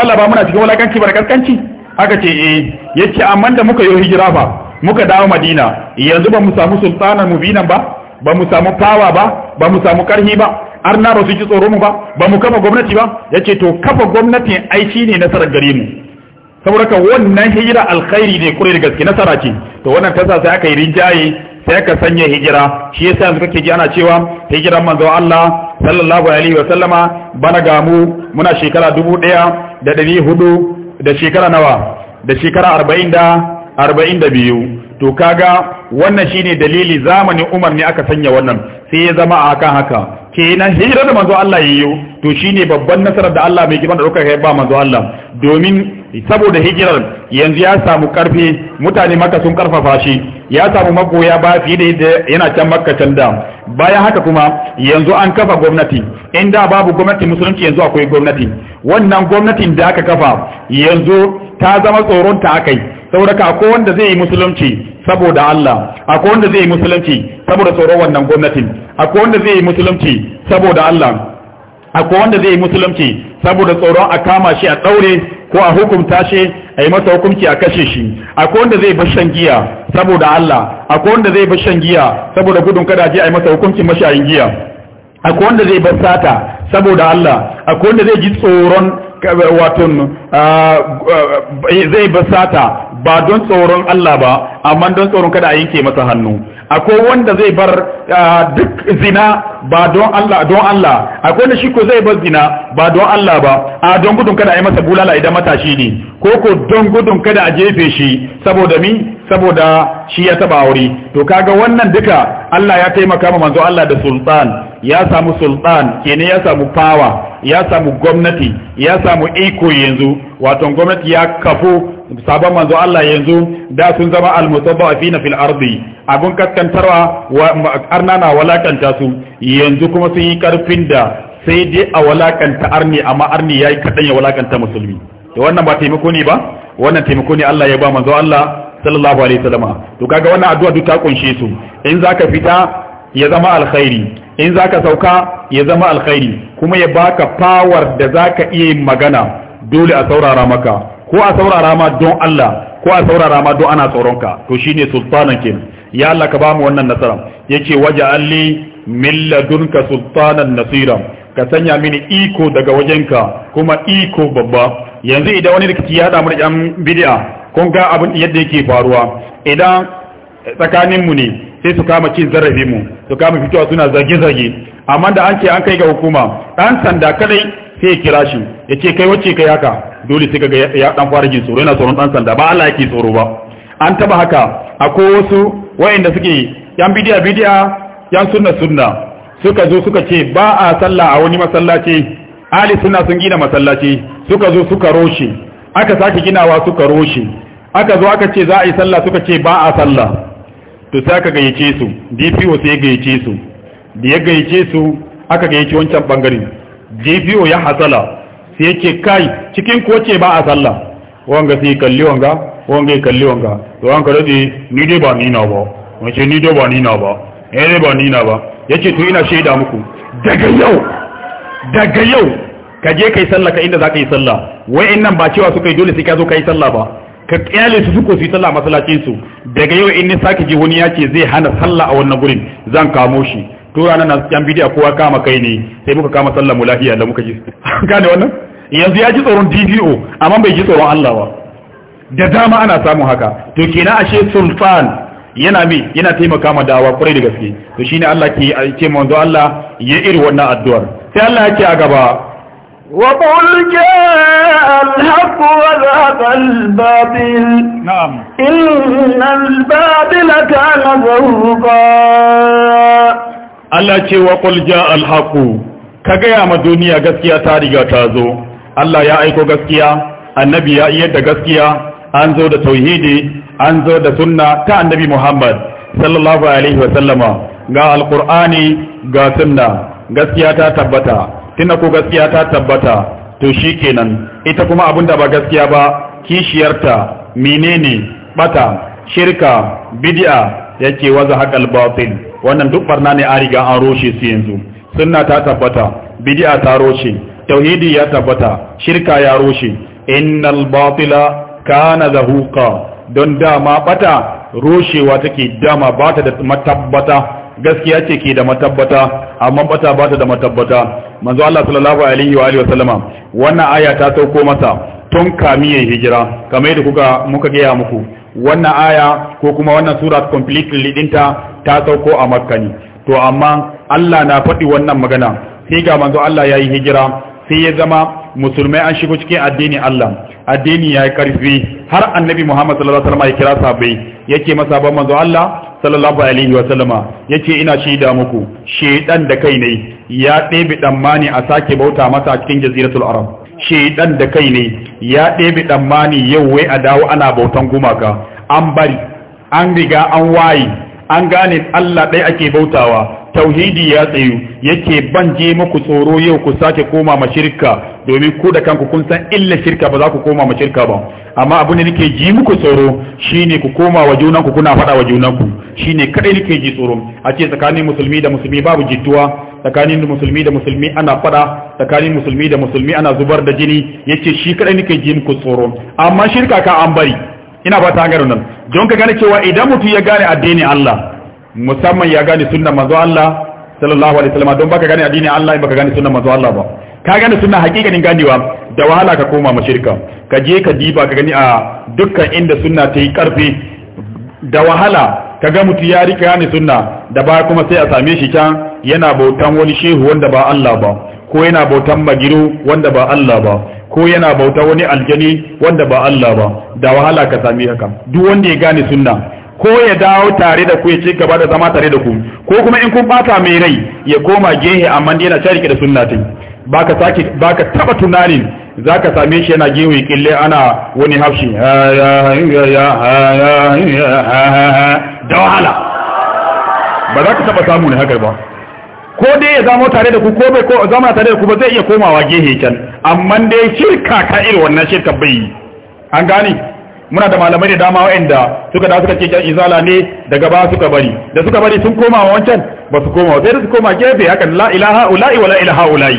Allah ba muna cikin walakanci ba da kaskanci aka ce eh yace amma da muka yi hijira ba muka dawo madina yanzu ba mu samu mu mubinan ba ba mu samu fawa ba ba mu samu karhi ba har na ba su ji tsoro mu ba ba mu kafa gwamnati ba yace to kafa gwamnati ai ne nasarar gare mu saboda ka wannan hijira alkhairi ne kure da gaske nasara ce to wannan tasa sai aka yi rinjaye sai ka sanya hijira shi yasa yanzu kake ji ana cewa hijiran manzo Allah sallallahu alaihi wa sallama bana gamu muna shekara dubu ɗaya da ɗari hudu da shekara nawa da shekara arba'in da arba'in da biyu to kaga wannan shine dalili zamanin Umar ne aka sanya wannan sai ya zama a kan haka kenan hijirar da manzo Allah yayyo to shine babban nasarar da Allah mai girman da ɗaukaka ya ba manzo Allah domin saboda hijirar yanzu ya samu karfi mutane maka sun karfafa shi ya samu magoya ba fiye da yadda yana can makka can da bayan haka kuma yanzu an kafa gwamnati inda babu gwamnati musulunci yanzu akwai gwamnati wannan gwamnatin da aka kafa yanzu ta zama tsoron ta akai saboda ka, akwai wanda zai yi musulunci saboda Allah akwai wanda zai yi musulunci saboda tsoron wannan gwamnatin akwai wanda zai yi musulunci saboda Allah akwai wanda zai yi musulunci saboda tsoron a kama shi a ɗaure ko a hukunta shi a yi masa hukunci a kashe shi akwai wanda zai bar shan giya saboda Allah akwai wanda zai bar shan giya saboda gudun kada je a yi masa hukunci mashayin giya akwai wanda zai bar sata saboda Allah akwai wanda zai ji tsoron wato ah, ah, zai bar sata ba don tsoron Allah ba amma don tsoron kada a yanke masa hannu akwai wanda zai bar ah, duk zina ba don Allah akwai da shi ko zai bar zina ba don Allah ba a don gudun kada a yi masa bulala idan matashi ne ko ko don gudun kada a jefe shi saboda mi saboda shi ya taba aure to kaga wannan duka Allah ya taimaka ma manzo Allah da sultan ya samu sultan kenan ya samu power ya samu gwamnati ya samu iko yanzu wato gwamnati ya kafo sabon manzo Allah yanzu da sun zama almutabba'ina fil ardi abun kaskantarwa arna na walakanta su yanzu kuma sun yi karfin da sai dai a walakanta arni amma arni yayi kadan ya walakanta musulmi to wannan ba taimako ne ba wannan taimako ne Allah ya ba manzo Allah sallallahu alaihi wasallam to kaga wannan addu'a duk ta kunshe su in zaka fita ya zama alkhairi in zaka sauka ya zama alkhairi kuma ya baka power da zaka iya yin magana dole a saurara maka ko a saurara ma don Allah ko a saurara ma don ana tsoronka to shine sultanan kenan ya Allah ka ba mu wannan nasara yace waja'alli min ladunka sultanan nasira ka sanya mini iko daga wajenka kuma iko babba yanzu idan wani rikici ya hada mu da yan bid'a kun ga abin yadda yake faruwa idan tsakanin mu ne sai su kama cin zarafin mu su kama fitowa suna zage-zage amma da an ce an kai ga hukuma dan sanda kadai sai ya kira shi ya kai wacce kai haka dole sai kaga ya dan fara jin tsoro yana tsoron dan sanda ba Allah yake tsoro ba an taba haka akwai wasu wayanda suke yan bidiya bidiya yan sunna sunna suka zo suka ce ba a sallah a wani masallaci ali sunna sun gina masallaci suka zo suka roshe aka sake ginawa suka roshe aka zo aka ce za a yi sallah suka ce ba a sallah to sai aka gayyace su DPO sai ya gayyace su da ya gayyace su aka gayyace wancan bangare DPO ya hasala sai yake kai cikin ko ce ba a sallah wanga sai kalli wanga wanga kalli wanga to an karbi ni dai ba ni na ba ce ni dai ba ni na ba eh dai ba ni na ba yace to ina shaida muku daga yau daga yau ka je kai sallah ka inda zaka yi sallah nan ba cewa suka yi dole sai ka zo kai sallah ba ka kyale su suko su yi sallah masallacin su daga yau in ni saki ji wani ya ce zai hana sallah a wannan gurin zan kamo shi to ranar na yan bidiya kowa kama kai ne sai muka kama sallar mu lafiya da muka ji [LAUGHS] gane wannan yanzu ya ji tsoron DPO amma bai ji tsoron Allah ba da dama ana samun haka to kenan ashe sulfan yana mi yana taimaka ma dawa kwarai da gaske to shine Allah ke ce manzo Allah ya iri wannan addu'ar sai Allah ce a gaba wa qul jaa al-haq wa zahaqa inna Allah ce wa qul alhaku ka gaya ma duniya gaskiya ta riga ta zo Allah ya aiko gaskiya annabi ya iya da gaskiya an zo da tauhidi an zo da sunna ta annabi Muhammad sallallahu alaihi wa sallama ga alqur'ani ga sunna gaskiya ta tabbata tuna ko gaskiya ta tabbata to shi kenan ita kuma da ba gaskiya ba kishiyarta menene bata shirka bid'a yake waza haqal batil wannan duk barna ne a riga an roshe su yanzu sunna ta tabbata bid'a ta roshe tauhidi ya tabbata shirka ya roshe innal batila kana zahuqa don dama bata roshewa take dama bata da matabbata gaskiya ce ke da matabbata amma bata bata da matabbata manzo Allah sallallahu alaihi wa alihi wa sallama wannan aya ta sauko masa tun kamiyar hijira kamar da kuka muka gaya muku wannan aya ko kuma wannan sura completely dinta ta sauko a makka ne to amma Allah na faɗi wannan magana sai ga manzo Allah yayi hijira sai ya zama musulmai an shigo cikin addini Allah addini yayi karfi har annabi Muhammad sallallahu alaihi wasallam ya kira sahabbai yake masa ban manzo Allah sallallahu alaihi wasallama yace ina shaida muku shedan da kai ne ya ɗebe dan mani a sake bauta masa a cikin jaziratul arab shedan da kai ne ya ɗebe tsammani yau wai a dawo ana bautan gumaka an bari an riga an waye an gane Allah ɗaya ake bautawa tauhidi ya tsayu yake ban je muku tsoro yau ku sake koma ma shirka domin ku da kanku kun san illa shirka ba za ku koma ma shirka ba amma abin da nake ji muku tsoro shine ku koma wa junanku kuna faɗa wa junanku shine kadai nake ji tsoro a ce tsakanin musulmi da musulmi babu jituwa tsakanin musulmi da musulmi ana fada tsakanin musulmi da musulmi ana zubar da jini yace shi kadai nake ji muku tsoro amma shirka ka an bari ina ba ta hangar nan don ka gane cewa idan mutum ya gane addini Allah musamman ya gane sunna manzo Allah sallallahu alaihi wasallam don baka gane addini Allah in baka gane sunna manzo Allah ba ka gane sunna hakikanin ganewa da wahala ka koma mushrika ka je ka diba ka gani a dukkan inda sunna ta yi karfi da wahala ka ga mutum ya rika gane sunna da ba kuma sai a same shi can yana bautan wani shehu wanda ba Allah ba ko yana bautan magiru wanda ba Allah ba ko yana bauta wani aljani wanda ba Allah ba da wahala ka sami haka duk wanda ya gane sunna ko ya dawo tare da ku ya ci gaba da zama tare da ku ko kuma in kun bata mai rai ya koma gehe amma yana sharike da sunna tai baka saki baka taba tunanin zaka same shi yana gehe kille ana wani hafshi da wahala ba za ka taba samu ne haka ba ko dai ya zama tare da ku ko bai ko zama tare da ku ba zai iya komawa gehe can amma dai shirka ka irin wannan shirka bai an gani? muna da malamai da dama waɗanda suka da suka ce kan izala ne daga ba suka bari da suka bari sun koma wancan ba su koma sai su koma gefe hakan la ilaha ula'i wala ilaha ula'i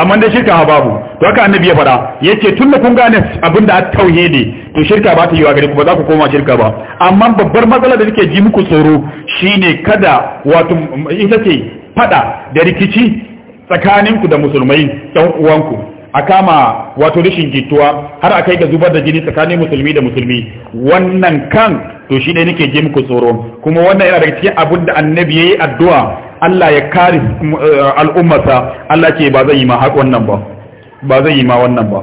amma dai shirka babu to haka annabi ya fada yace tun da kun gane abin da tauhidi to shirka ba ta yi wa gare ku ba za ku koma shirka ba amma babbar matsala da nake ji muku tsoro shine kada wato ita ce fada da rikici tsakaninku da musulmai dan uwanku a kama wato rashin gituwa har a kai ga zubar da jini tsakanin musulmi da musulmi wannan kan to shi ne nake ji muku tsoro kuma wannan yana daga cikin abin da annabi yayi addu'a Allah ya kare eh, al'ummarsa Allah ce ba zan yi ma haƙ wannan ba ba zan yi ma wannan ba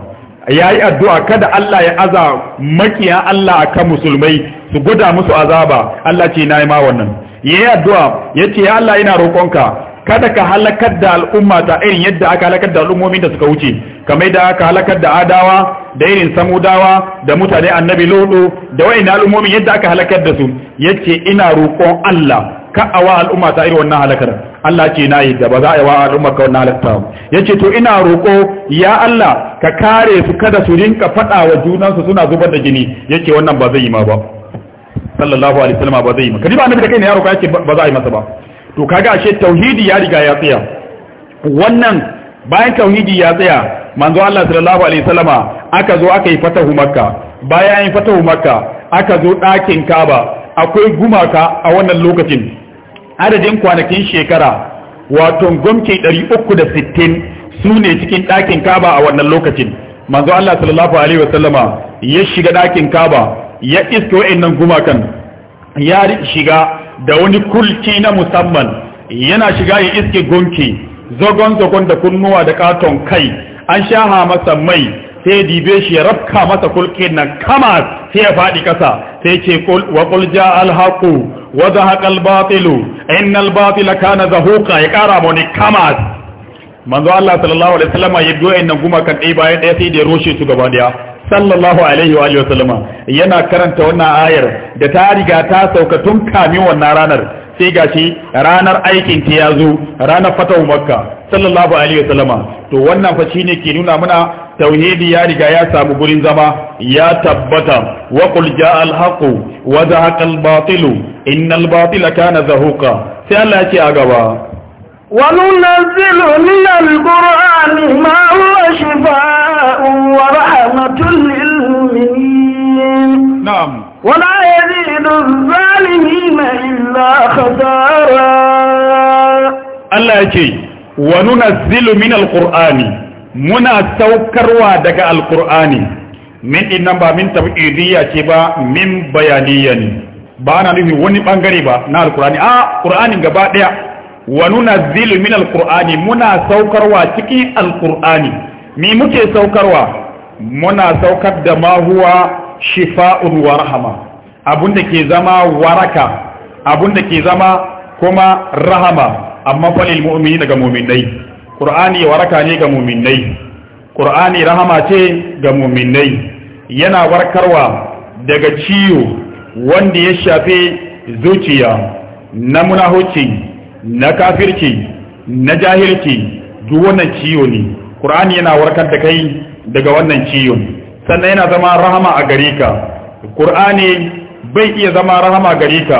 ya yi addu'a kada Allah ya aza makiya Allah kan musulmai su guda musu azaba Allah ce na yi ma wannan ya yi addu'a ya ce ya Allah ina roƙonka kada ka halakar da al'umma ta irin yadda aka halakar da al'ummomin da suka wuce kamar da aka halakar da adawa da irin samudawa da mutane annabi lodo da wa'in al'ummomin yadda aka halakar da su yace ina roƙon Allah ka a wa al'umma ta irin wannan halakar Allah ce na yadda ba za a yi wa al'umma ka wannan halakar ya ce to ina roƙo ya Allah ka kare su kada su rinka faɗa wa junansu suna zubar da jini ya ce wannan ba zai yi ma ba sallallahu alaihi wasallam ba zai yi ma kadi ba annabi da kai ne ya roƙa yake ba za a yi masa ba to kaga ashe tauhidi ya riga ya tsaya wannan bayan tauhidi ya tsaya manzo Allah sallallahu alaihi wasallama aka zo aka yi fatahu makka bayan yin fatahu makka aka zo ɗakin kaba akwai gumaka a wannan lokacin adadin kwanakin shekara wato da 360 su ne cikin ɗakin kaba a wannan lokacin manzo Allah sallallahu alaihi wasallama ya shiga ɗakin kaba ya iske wa'annan gumakan ya shiga da wani kulki na musamman yana shiga ya iske gonki, zogon-zogon da kunnuwa da katon kai an sha masa mai sai dibe shi ya rafka masa kulke nan kama sai ya faɗi ƙasa sai ce wa qul jaa al haqu wa zahaqa al batilu innal ya ƙara mu kama manzo Allah sallallahu alaihi wasallam ya doye nan guma kan ɗaya bayan ɗaya sai da roshe su gaba daya sallallahu alaihi wa alihi yana karanta wannan ayar da ta riga ta sauka tun kamin wannan ranar sai gashi ranar aikin ta ya zo ranar fatahu makka sallallahu alaihi wasallama to wannan fa shine ke nuna mana tauhidi ya riga ya samu gurin zama ya tabbata wa qul jaa al haqu wa zahaqa al batil innal batila kana zahuqa sai Allah ce a gaba وننزل من القرآن ما هو شفاء ورحمة للمؤمنين نعم ولا يزيد Allah yake wa nuna zilu min alkur'ani muna saukarwa daga alkur'ani min dinnan ba min tab'idiyya ce ba min bayaniyya ba na nufi wani bangare ba na alkur'ani a kur'ani gaba daya wa nuna zilu min muna saukarwa cikin alkur'ani mi muke saukarwa muna saukar da mahuwa shifa'un rahama abun da ke zama waraka abun da ke zama kuma rahama amma falil mu'mini daga mu'minai qur'ani waraka ne ga mu'minai qur'ani rahama ce ga mu'minai yana warkarwa daga ciwo wanda ya shafe zuciya na munahuci na kafirci na jahilci duk wannan ciwo ne qur'ani yana warkar da kai daga wannan ciwo sannan yana zama rahama a gare ka qur'ani bai iya zama rahama gare ka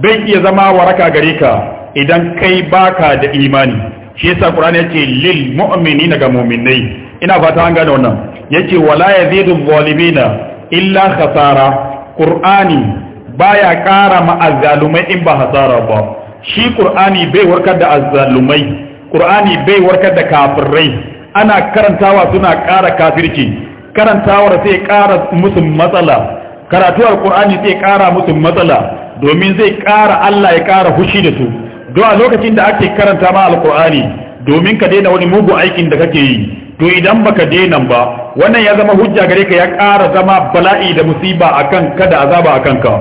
bai iya zama waraka gare ka idan kai baka da imani shi yasa qur'ani yace lil mu'minina ga mu'minai ina fata an gane wannan yace wala yazidu zalimina illa khasara qur'ani baya kara ma azalumai in ba hasara ba shi qur'ani bai warkar da azzalumai qur'ani bai warkar da kafirai ana karantawa suna kara kafirci karantawar sai kara musu matsala karatu alkur'ani zai kara musu matsala domin zai kara Allah ya kara hushi da su don a lokacin da ake karanta ma alkur'ani domin ka daina wani mugu aikin da kake yi to idan baka daina ba wannan ya zama hujja gare ka ya kara zama bala'i da musiba akan ka da azaba akan ka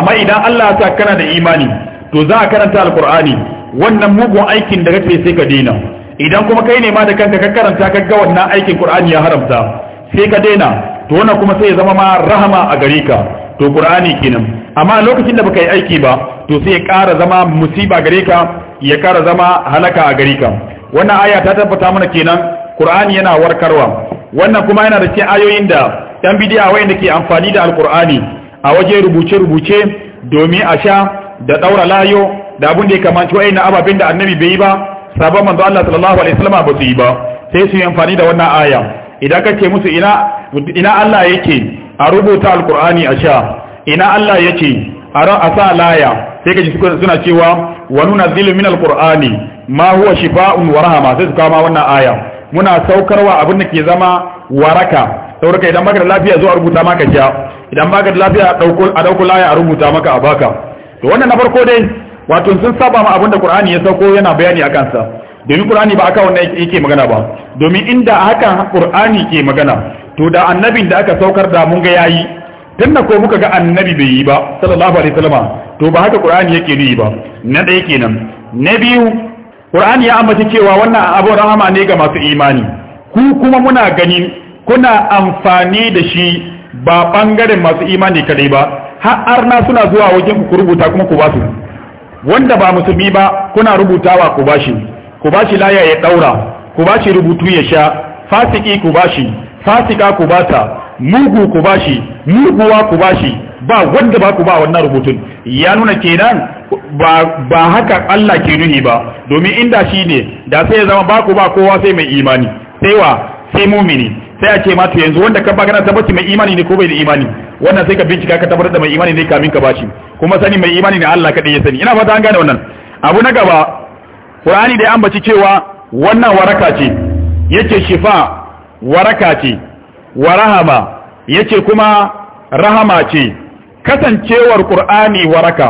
amma idan Allah ya sa kana da imani to za ka karanta alkur'ani wannan mugun aikin da kake sai ka daina idan kuma kai ne ma da kanka ka karanta ka ga wannan aikin qur'ani ya haramta sai ka daina to wannan kuma sai ya zama ma rahama a gare ka to qur'ani kenan amma lokacin da baka yi aiki ba to sai ya kara zama musiba gare ka ya kara zama halaka a gare ka wannan aya ta tabbata mana kenan qur'ani yana warkarwa wannan kuma yana da cikin ayoyin da yan bidiya wayanda ke amfani da alqur'ani a waje rubuce rubuce domin a sha da daura layo da abin da ya kamanci wayannan ababen da annabi bai yi ba sabon manzo Allah sallallahu alaihi wasallam ba su yi ba sai su yi amfani da wannan aya idan ka ce musu ina Allah yake a rubuta alkur'ani a sha ina Allah yake a sa laya sai ka ji suna cewa wa zilu min alqur'ani ma huwa shifa'un wa rahama sai su kama wannan aya muna saukarwa abin da ke zama waraka sauraka idan baka da lafiya zo a rubuta maka sha idan baka da lafiya a dauko laya a rubuta maka a baka to wannan na farko dai wato sun saba ma abin da qur'ani ya sauko yana bayani akan sa domin qur'ani ba aka wannan yake magana ba domin inda hakan qur'ani ke magana to da annabin da aka saukar da mun ga yayi tunda ko muka ga annabi bai yi ba sallallahu alaihi wasallam to ba haka qur'ani yake yi ba na yake nan na biyu qur'ani ya ambaci cewa wannan abu rahama ne ga masu imani ku kuma muna gani kuna amfani da shi ba bangaren masu imani kadai ba har arna suna zuwa wajen ku rubuta kuma ku ba su wanda ba musulmi ba kuna rubutawa ku bashi ku ba shi laya ya daura ku ba shi rubutu ya sha fasiki ku ba shi fasika ku ba ta mugu ku ba shi muguwa ku ba shi ba wanda ba ku ba wannan rubutun ya nuna kenan ba haka Allah ke nuni ba domin inda shi ne da sai ya zama ba ku ba kowa sai mai imani sai wa sai mumini sai a ce ma to yanzu wanda ka magana tabbaci mai imani ne ko bai da imani wannan sai ka bincika ka tabbatar da mai imani ne kamin ka bashi kuma sani mai imani ne Allah kadai ya sani ina fata an gane wannan abu na gaba qur'ani da ya ambaci cewa wannan waraka ce yace shifa waraka ce warahama yace kuma rahama ce kasancewar qur'ani waraka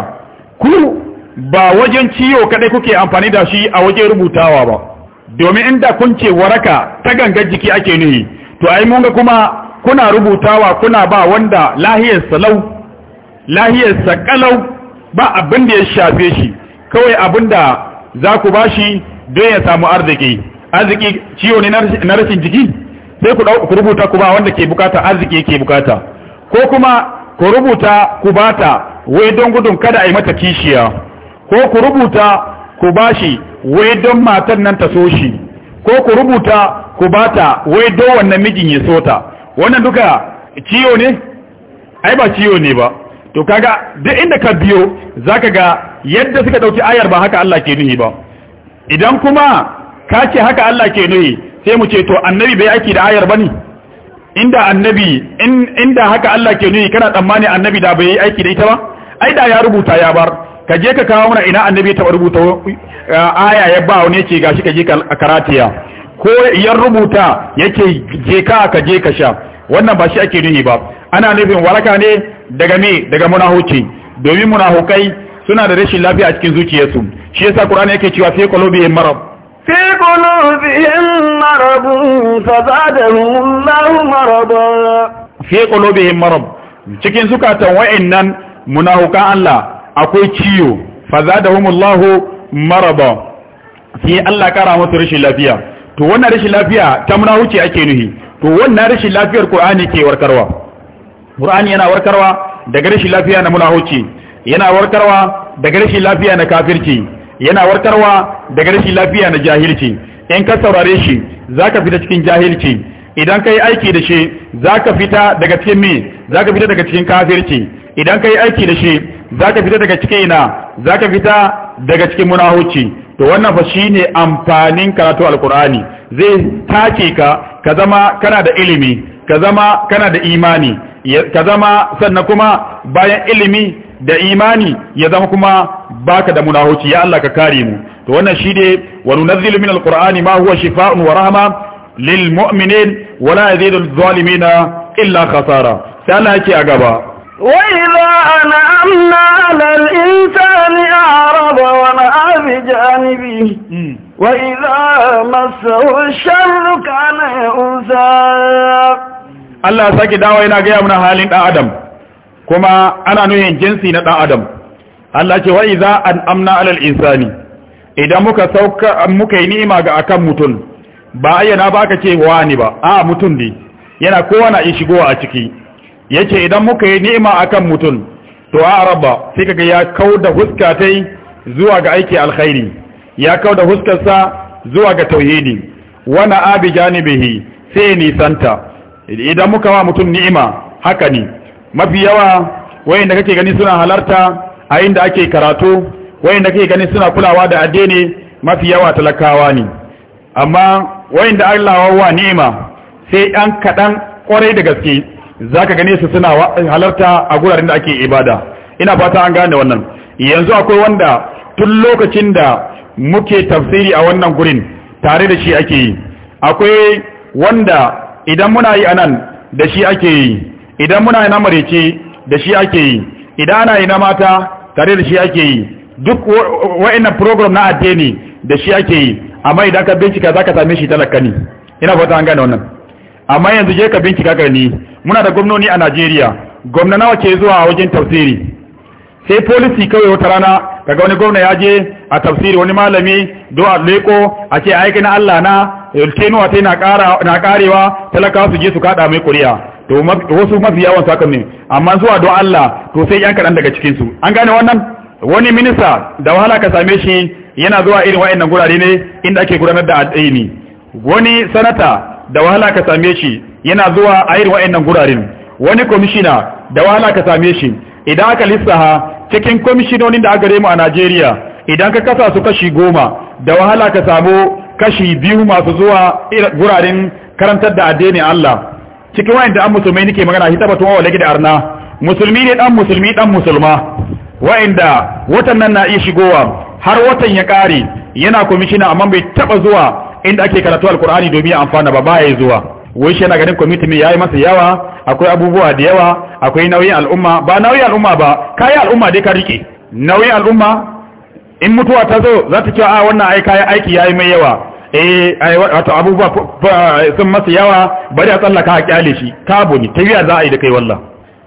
ku ba wajen ciwo kadai kuke amfani da shi a wajen rubutawa ba domin inda kun ce waraka ta gangar jiki ake nuhi to ai mun ga kuma kuna rubutawa kuna ba wanda lahiyar salau lahiyar sakalau ba abin da ya shafe shi kawai abin da za ku bashi don ya samu arziki arziki ciwo ne na rashin jiki sai ku rubuta ku ba wanda ke bukata arziki yake bukata ko kuma ku rubuta ku bata wai don gudun kada a yi mata kishiya ko ku rubuta ku bashi wai don matan nan ta so shi ko ku rubuta ku bata wai don wannan mijin ya sota wannan duka ciwo ne ai ba ciwo ne ba to kaga duk inda ka biyo zaka ga yadda suka dauki ayar ba haka Allah ke nuhi ba idan kuma ka ce haka Allah ke nuhi sai mu ce to annabi bai aiki da ayar bane inda annabi inda haka Allah ke nuhi kana tsammani annabi da bai aiki da ita ba ai da ya rubuta ya bar ka je ka kawo mana ina annabi ta rubuta uh, aya ya ba wani ce gashi ka je ka karatiya ko ya rubuta yake je ka ka je ka sha wannan ba shi ake nuhi ba ana nufin waraka ne daga me daga munahuci domin munahukai suna da rashin lafiya a cikin zuciyarsu shi yasa qur'ani yake cewa fi qulubihim marad fi qulubihim marad fazadahum Allahu marada fi qulubihim marad cikin zukatan wa'annan munahukan Allah akwai ciwo fazadahum Allahu marada sai Allah kara musu rashin lafiya to wannan rashin lafiya ta munahuci ake nuhi to wannan rashin lafiyar qur'ani ke warkarwa qur'ani yana warkarwa daga rashin lafiya na munahuci yana warkarwa daga rashin lafiya na kafirci yana warkarwa daga rashin lafiya na jahilci in ka saurare shi zaka fita cikin jahilci idan kai aiki da shi zaka fita daga cikin me zaka fita daga cikin kafirci idan kai aiki da shi zaka fita daga cikin ina zaka fita daga cikin munahuci to wannan fa shine amfanin karatu alqur'ani zai take ka ka zama kana da ilimi ka zama kana da imani ka zama sannan kuma bayan ilimi da imani ya zama kuma baka da munahuci ya Allah ka kare mu to wannan shi ne wa nunazzilu min alqur'ani ma huwa shifaa'un wa rahma lil mu'minin wa la yazidu adh-dhalimina illa khasara sai Allah yake a gaba wa idha an'amna amna al-insani a'rada wa na'a bi janibihi hmm. wa idha massahu ash-sharru kana yusa Allah saki dawo yana ga yamna halin ɗan adam kuma ana nuyin jinsi na ɗan adam Allah ce wai za an amna alal insani idan muka sauka muka yi ni'ima ga akan mutum ba ayyana ba ka ce wa ni ba a mutum ne yana kowa na shigowa a ciki yace idan muka yi ni'ima akan mutum to a rabba sai kaga ya kauda huska tai zuwa ga aiki alkhairi ya kauda huskarsa zuwa ga tauhidi wana abi janibihi sai ni santa. idan muka wa mutum ni'ima haka ne mafi yawa wayanda kake gani suna halarta a inda ake karatu wayanda kake gani suna kulawa da addini mafi yawa talakawa ne amma wayanda Allah wa ni'ima sai an kadan kwarai da gaske zaka gane su suna halarta a guraren da ake ibada ina fata an gane wannan yanzu akwai wanda tun lokacin da muke tafsiri a wannan gurin tare da shi ake yi akwai wanda idan muna yi anan da shi ake yi idan muna yi na da shi ake yi idan ana yi na mata tare da shi ake yi duk wa'ina program na addini da shi ake yi amma idan ka bincika za ka same shi talaka ne ina fata an gane wannan amma yanzu je ka bincika gani muna da gwamnoni a najeriya gwamna nawa ke zuwa wajen tafsiri sai polisi kawai wata rana daga wani gwamna ya je a tafsiri wani malami do a leko a ce aiki na allah na tenuwa ta na karewa talakawa su je su kada mai kuriya to wasu mafi yawan su ne amma zuwa don Allah to sai yan kaɗan daga cikinsu an gane wannan wani minista da wahala ka same shi yana zuwa irin wa'annan gurare ne inda ake gudanar da addini wani sanata da wahala ka same shi yana zuwa a irin wa'annan ne wani komishina da wahala ka same shi idan aka lissaha cikin komishinonin da aka mu a Najeriya idan ka kasa su kashi goma da wahala ka samu kashi biyu masu zuwa guraren karantar da addinin Allah cikin wayanda an musulmai nake magana tabbatuwa wa lagida arna musulmi ne dan musulmi dan musulma wayanda watan nan na iya shigowa har watan ya kare yana komishina amma bai taba zuwa inda ake karatu alkur'ani domin ya amfana ba baya zuwa wai shi yana ganin kwamitin ya yayi masa yawa akwai abubuwa da yawa akwai nauyin al'umma ba nauyin al'umma ba kayi al'umma dai ka rike nauyin al'umma in mutuwa ta zo za ta cewa a wannan aika aiki yayi mai yawa eh wato abubuwa sun masa yawa bari a tsallaka a kyale shi tabo ne za a yi da kai wallah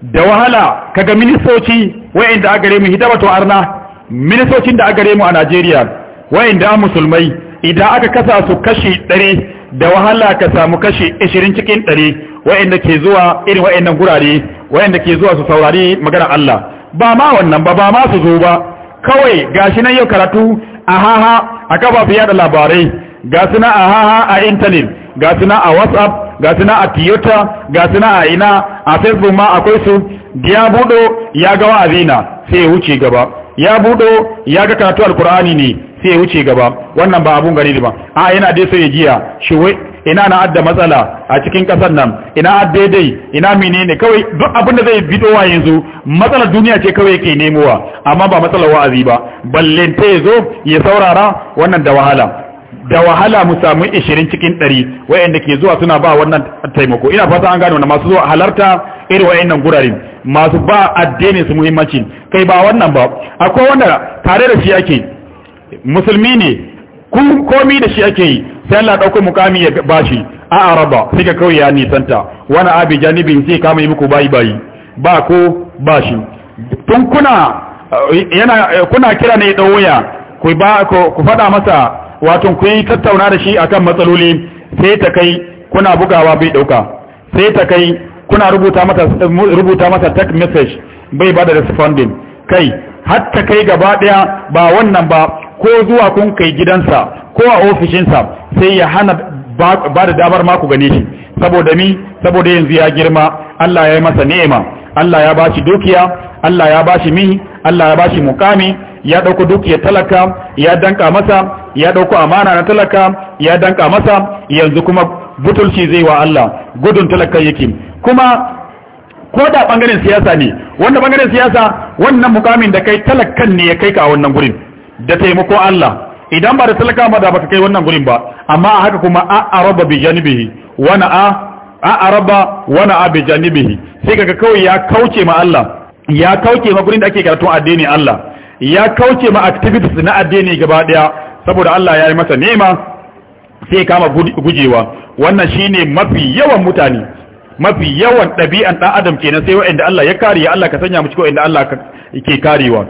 da wahala kaga ministoci da a gare mu hidabato arna ministocin da a gare mu a Najeriya wayanda musulmai idan aka kasa su kashi 100 da wahala ka samu kashi 20 cikin 100 da ke zuwa irin nan gurare wayanda ke zuwa su saurari magana Allah ba ma wannan ba ba ma su zo ba kawai gashi nan yau karatu a haha a kafafen yada labarai ga suna a haha a intanet ga suna a whatsapp ga suna a tiyota ga suna a ina a facebook ma akwai su ya budo ya ga wa'azina sai ya wuce gaba ya budo ya ga karatu alkur'ani ne sai ya wuce gaba wannan ba abun gari ba a yana dai sai ya jiya shi ina na adda matsala a cikin kasar nan ina daidai ina menene kawai duk abin da zai wa yanzu matsalar duniya ce kawai yake nemowa amma ba matsalar wa'azi ba ballenta ya zo ya saurara wannan da wahala da wahala mu samu 20 cikin 100 wayanda ke zuwa suna ba wannan taimako ina fata an gano na masu zuwa halarta irin wayannan gurare masu ba addinin su muhimmanci kai ba wannan ba akwai wanda tare da shi ake musulmi ne ku komi da shi ake yi sai Allah dauko mukami ya bashi a araba sai ka kawai ya nisanta wani abi janibin sai kama yi muku bayi bayi ba ko bashi tun kuna yana kuna kira ne dawoya ku ba ku fada masa wato ku yi tattauna da shi akan matsaloli sai ta kai kuna bugawa bai dauka sai ta kai kuna rubuta mata rubuta mata text message bai bada responding kai har ta kai gaba daya ba wannan ba ko zuwa kun kai gidansa ko a ofishinsa sai ya hana ba da damar ma ku gane shi saboda mi saboda yanzu ya girma Allah ya yi masa ni'ima Allah ya bashi dukiya Allah ya bashi mi Allah ya bashi mukami ya dauko dukiya talaka ya danka masa ya dauko amana na talaka ya danka masa yanzu kuma butulci zai wa Allah gudun talakan yake kuma ko da bangaren siyasa ne wanda bangaren siyasa wannan mukamin da kai talakan ne ya kai ka a wannan gurin da taimako Allah idan ba da talaka ba da baka kai wannan gurin ba amma haka kuma a araba bi janibihi wana a a araba wana a bi janibihi sai kaga kawai ya kauce ma Allah ya kauce ma gurin da ake karatun addini Allah ya kauce ma activities na addini gaba daya saboda Allah ya yi masa nema sai kama gujewa wannan shine mafi yawan mutane mafi yawan ɗabi'an ɗan adam kenan sai wa'anda Allah ya kare ya Allah ka sanya mu cikin wa'anda Allah ke karewa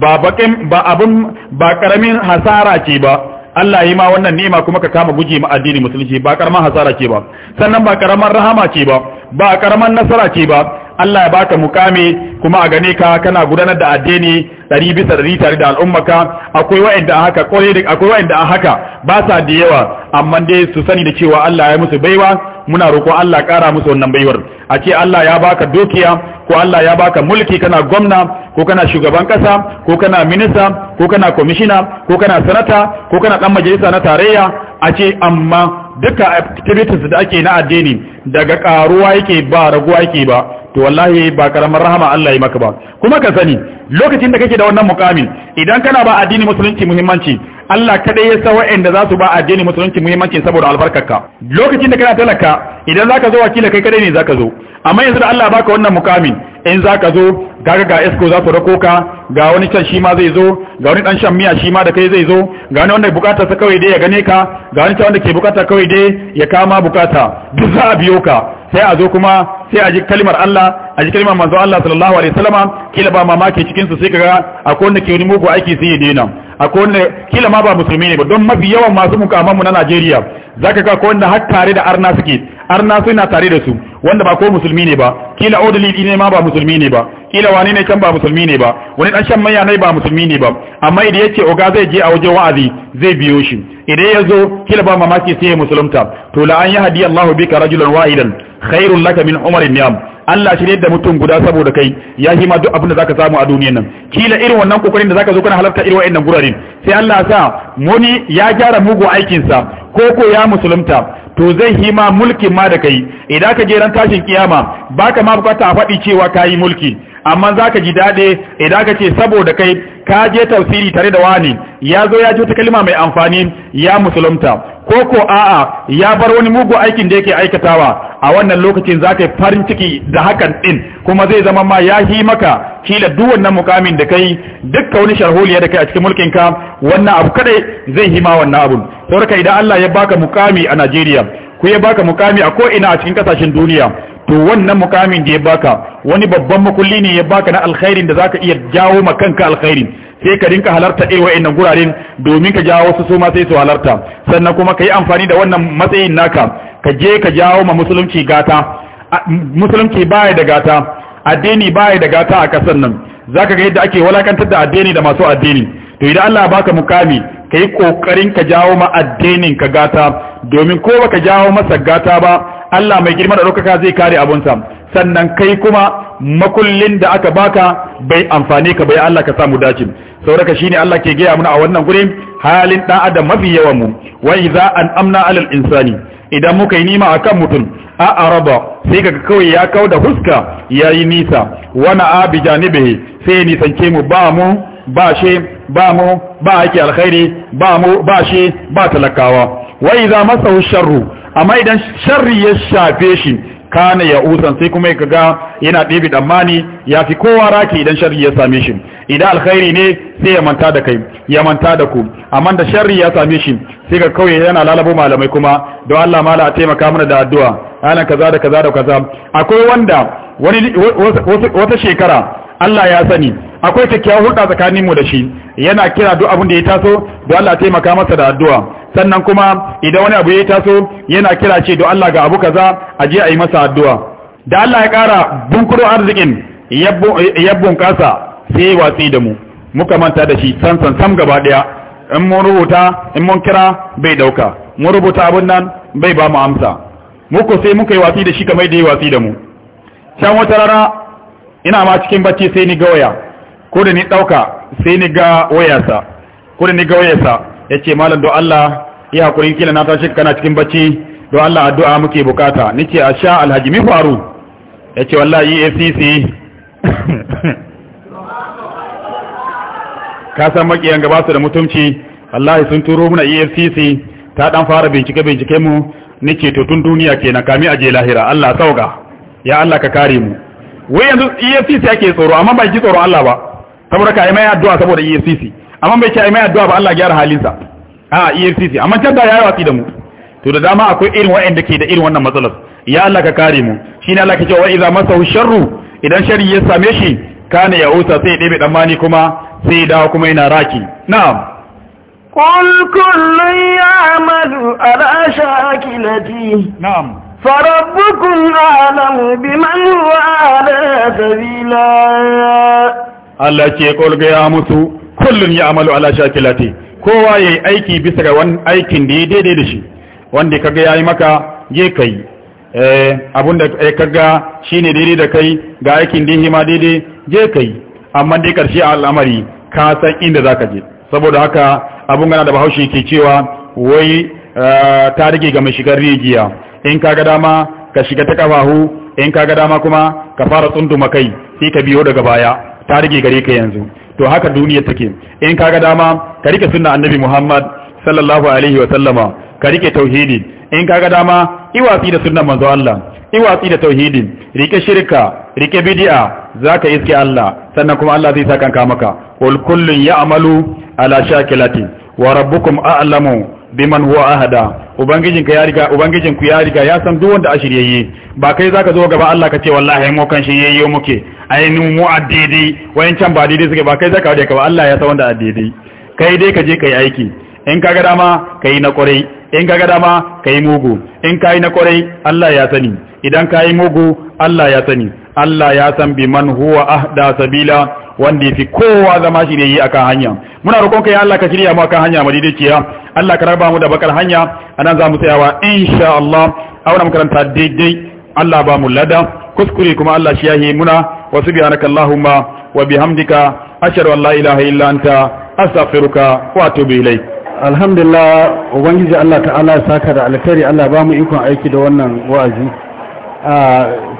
ba bakin ba abun ba karamin hasara ce ba Allah yi ma wannan nema kuma ka kama guje ma addini musulunci ba karaman hasara ce ba sannan ba karaman rahama ce ba ba karaman nasara ce ba Allah ya baka mukami kuma a gane ka kana gudanar da addini ɗari bisa ɗari tare da al'ummaka akwai wa'anda a haka kore da akwai wa'anda a haka ba sa da yawa amma dai su sani da cewa Allah ya musu baiwa muna roƙo Allah ƙara musu wannan baiwar a ce Allah ya baka dukiya ko Allah ya baka mulki kana gwamna ko kana shugaban kasa ko kana minista ko kana kwamishina ko kana sanata ko kana ɗan majalisa na tarayya a ce amma duka activities da ake na addini daga ƙaruwa yake ba raguwa yake ba to wallahi ba karamar rahama Allah ya maka ba kuma ka sani lokacin da kake da wannan mukamin idan kana ba addini musulunci muhimmanci Allah kadai ya sa wa'anda za su ba addini musulunci muhimmancin saboda albarkarka lokacin da kana talaka idan zaka zo wakila kai kadai ne zaka zo amma yanzu da Allah baka wannan mukamin in zaka zo gaga ga esko za su rako ka ga wani can shi ma zai zo ga wani dan shan miya shi ma da kai zai zo ga wani wanda bukata sa kawai dai ya gane ka ga wani wanda ke bukata kawai dai ya kama bukata duk za a biyo ka sai a zo kuma sai a ji kalmar Allah a ji kalmar manzo Allah sallallahu alaihi wasallama kila ba mamaki cikin su sai kaga akwai wanda ke wani mugu aiki sai ya daina akwai wanda kila ma ba musulmi ne ba don mafi yawan masu mukamanmu na Najeriya zaka ga ko wanda har tare da arna suke arna suna tare da su wanda ba ko musulmi ne ba kila odali ne ma ba musulmi ne ba kila wani ne can ba musulmi ne ba wani dan shan maya ne ba musulmi ne ba amma idan yace oga zai je a waje wa'azi zai biyo shi idan ya zo kila ba mamaki sai ya musulunta to la an yahdi Allahu bika rajulan wahidan khairul laka min umarin niyam Allah ne da mutum guda saboda kai ya yi ma duk abin da zaka samu a duniyan nan kila irin wannan kokarin da zaka zo kana halarta irin wa'annan gurare sai Allah sa muni ya gyara mugu aikin sa ko ya musulunta to zai yi ma mulkin ma da kai idan ka je ran tashin kiyama baka ma bukata a faɗi cewa ka yi mulki amma za ka ji daɗe idan ka ce saboda kai ka je tafsiri tare da wani ya zo ya ji wata kalma mai amfani ya musulunta ko ko a'a ya bar wani mugu aikin da yake aikatawa a wannan lokacin za ka yi farin ciki da hakan din kuma zai zama ma ya yi maka kila duk wannan mukamin da kai dukkan wani sharholiya da kai a cikin mulkin ka wannan abu kadai zai hima wannan abun saboda idan Allah ya baka mukami a Najeriya ku ya baka mukami a ko ina a cikin kasashen duniya to wannan mukamin da ya baka wani babban makulli ne ya baka na alkhairin da zaka iya jawo ma kanka alkhairin sai ka rinka halarta irin wa'annan guraren domin ka jawo su su ma sai su halarta sannan kuma ka yi amfani da wannan matsayin naka ka je ka jawo ma musulunci gata musulunci baya da gata addini baya da gata a kasar nan zaka ga yadda ake walakantar da addini da masu addini to idan Allah ya baka mukami kai kokarin ka jawo ma addinin ka gata domin ko baka jawo masa gata ba Allah mai girma da ɗaukaka zai kare abunsa sannan kai kuma makullin da aka baka bai amfani ka bai Allah ka samu dace sauraka shine Allah ke gaya mana a wannan gurin halin dan adam mafi yawan mu wa idza an amna alal insani idan muka yi nima akan mutum a araba sai kaga kawai ya kawo da huska yayi nisa wana abi janibihi sai nisance mu ba mu ba she ba mu ba ake alkhairi ba mu ba she ba talakawa wa idza masahu sharru amma idan sharri ya shafe shi kana ya usan sai kuma ya ga yana ɗebe damani ya fi kowa raki idan sharri ya same shi idan alkhairi ne sai ya manta da kai ya manta da ku amma da sharri ya same shi sai ka kauye yana lalabo malamai kuma don Allah mala a taimaka mana da addu'a alan kaza da kaza da kaza akwai wanda wani wata shekara Allah ya sani akwai kyakkyawar hulɗa tsakaninmu da shi yana kira duk abin da ya taso don Allah taimaka masa da addu'a sannan kuma idan wani abu ya taso yana kira ce don Allah ga abu kaza a je a yi masa addu'a da Allah ya ƙara bunkuro arzikin ya bunƙasa sai ya watsi da mu muka manta da shi san san sam gaba ɗaya in mun rubuta in mun kira bai ɗauka mun rubuta abin nan bai ba mu amsa muku sai muka yi watsi da shi kamar da ya watsi da mu can wata rana ina ma cikin bacci sai ni ga waya ko da ni dauka sai ni ga wayarsa ko da ni ga wayarsa yace malam do Allah ya hakurin kila na tashi kana cikin bacci do Allah addu'a muke bukata nace a sha alhaji mi faru yace wallahi ACC e [LAUGHS] ka san makiyan gaba su da mutumci wallahi sun turo muna EFCC ta dan fara bincike bincike mu nace to tun duniya kenan kami aje lahira Allah sauka ya Allah ka kare mu wai yanzu EFCC ake tsoro amma bai ki tsoro Allah ba saboda ka mai addu'a saboda EFCC amma bai ce ai mai addu'a ba Allah gyara halinsa a EFCC amma can da yayi watsi da mu to da dama akwai irin wa'anda ke da irin wannan matsalar ya Allah ka kare mu shine Allah ke cewa wa idza masahu sharru idan sharri ya same shi kana ya usa sai ɗebe dan mani kuma sai ya dawo kuma yana raki na'am قل كل يعمل على شاكلتي نعم فربكم أعلم بمن هو أعلى سبيلا Allah ce يا ya musu يعمل ya amalu ala shakilati kowa بسر aiki bisa ga دي aikin da ya daidai da shi wanda kaga yayi maka je kai eh, eh kaga shine daidai da kai ga aikin da hima daidai je kai amma dai karshe a al'amari ka san inda zaka je saboda haka abun gana da Bahaushe ke cewa wai eh, ta rige ga mai shigar rijiya in kaga dama ka shiga ta kafahu in kaga dama kuma ka fara tsunduma kai sai ka biyo daga baya ta rige gare ka yanzu to haka duniya take in kaga dama ka rike sunna annabi Muhammad sallallahu alaihi wa sallama ka rike tauhidi in kaga dama iwatsi da sunnan manzo Allah iwatsi da tauhidi rike shirka rike bid'a zaka iske Allah sannan kuma Allah zai saka kanka maka wal kullun ya'malu ala shakilati wa rabbukum a'lamu biman huwa ahada ubangijinka ya riga ubangijinku ya riga ya san duk wanda a ba kai zaka zo gaba Allah ka ce wallahi mu kan shiryayye muke ai mu mu addidi wayan can ba didi suke ba kai zaka wade ka ba Allah ya san wanda addidi kai dai ka je kai aiki in kaga dama kai na kwarai in kaga dama kai mugu in kai na kwarai Allah ya sani idan kai mugu Allah ya sani Allah ya san bi man huwa ahda sabila wanda fi kowa zama yi akan hanya muna roƙonka ya Allah ka shirya mu kan hanya madaidaiciya Allah ka raba mu da bakar hanya anan za mu tsayawa insha Allah a wannan makaranta daidai Allah ba mu lada kuskure kuma Allah shi yahi muna wa subhanaka allahumma wa bihamdika ashhadu an la ilaha illa anta astaghfiruka wa atubu ilaik alhamdulillah ubangiji Allah ta'ala ya saka da alkhairi Allah ba mu ikon aiki da wannan wa'azi a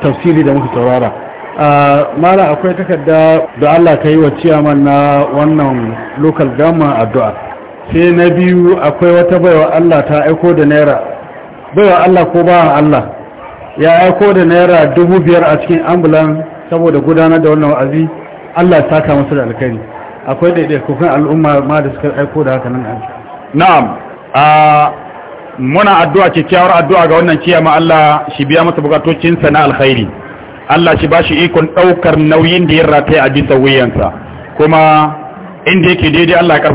tafsiri da muka taurara mala akwai takarda da Allah ka yi wa ciyaman na wannan local gama addu'a sai na biyu akwai wata baiwa Allah ta aiko da naira baiwa Allah ko ba Allah ya aiko da naira dubu biyar a cikin ambulan saboda gudanar da wannan wa'azi Allah ya saka masu da alkari akwai ɗaiɗaikukun al'umma ma da suka aiko da haka nan na'am muna addu'a kyakkyawar addu'a ga wannan ciyama Allah shi biya masa bukatocinsa na alkhairi Allah shi ba shi ikon ɗaukar nauyin da ya rataya a bisa wuyansa kuma inda yake daidai Allah ya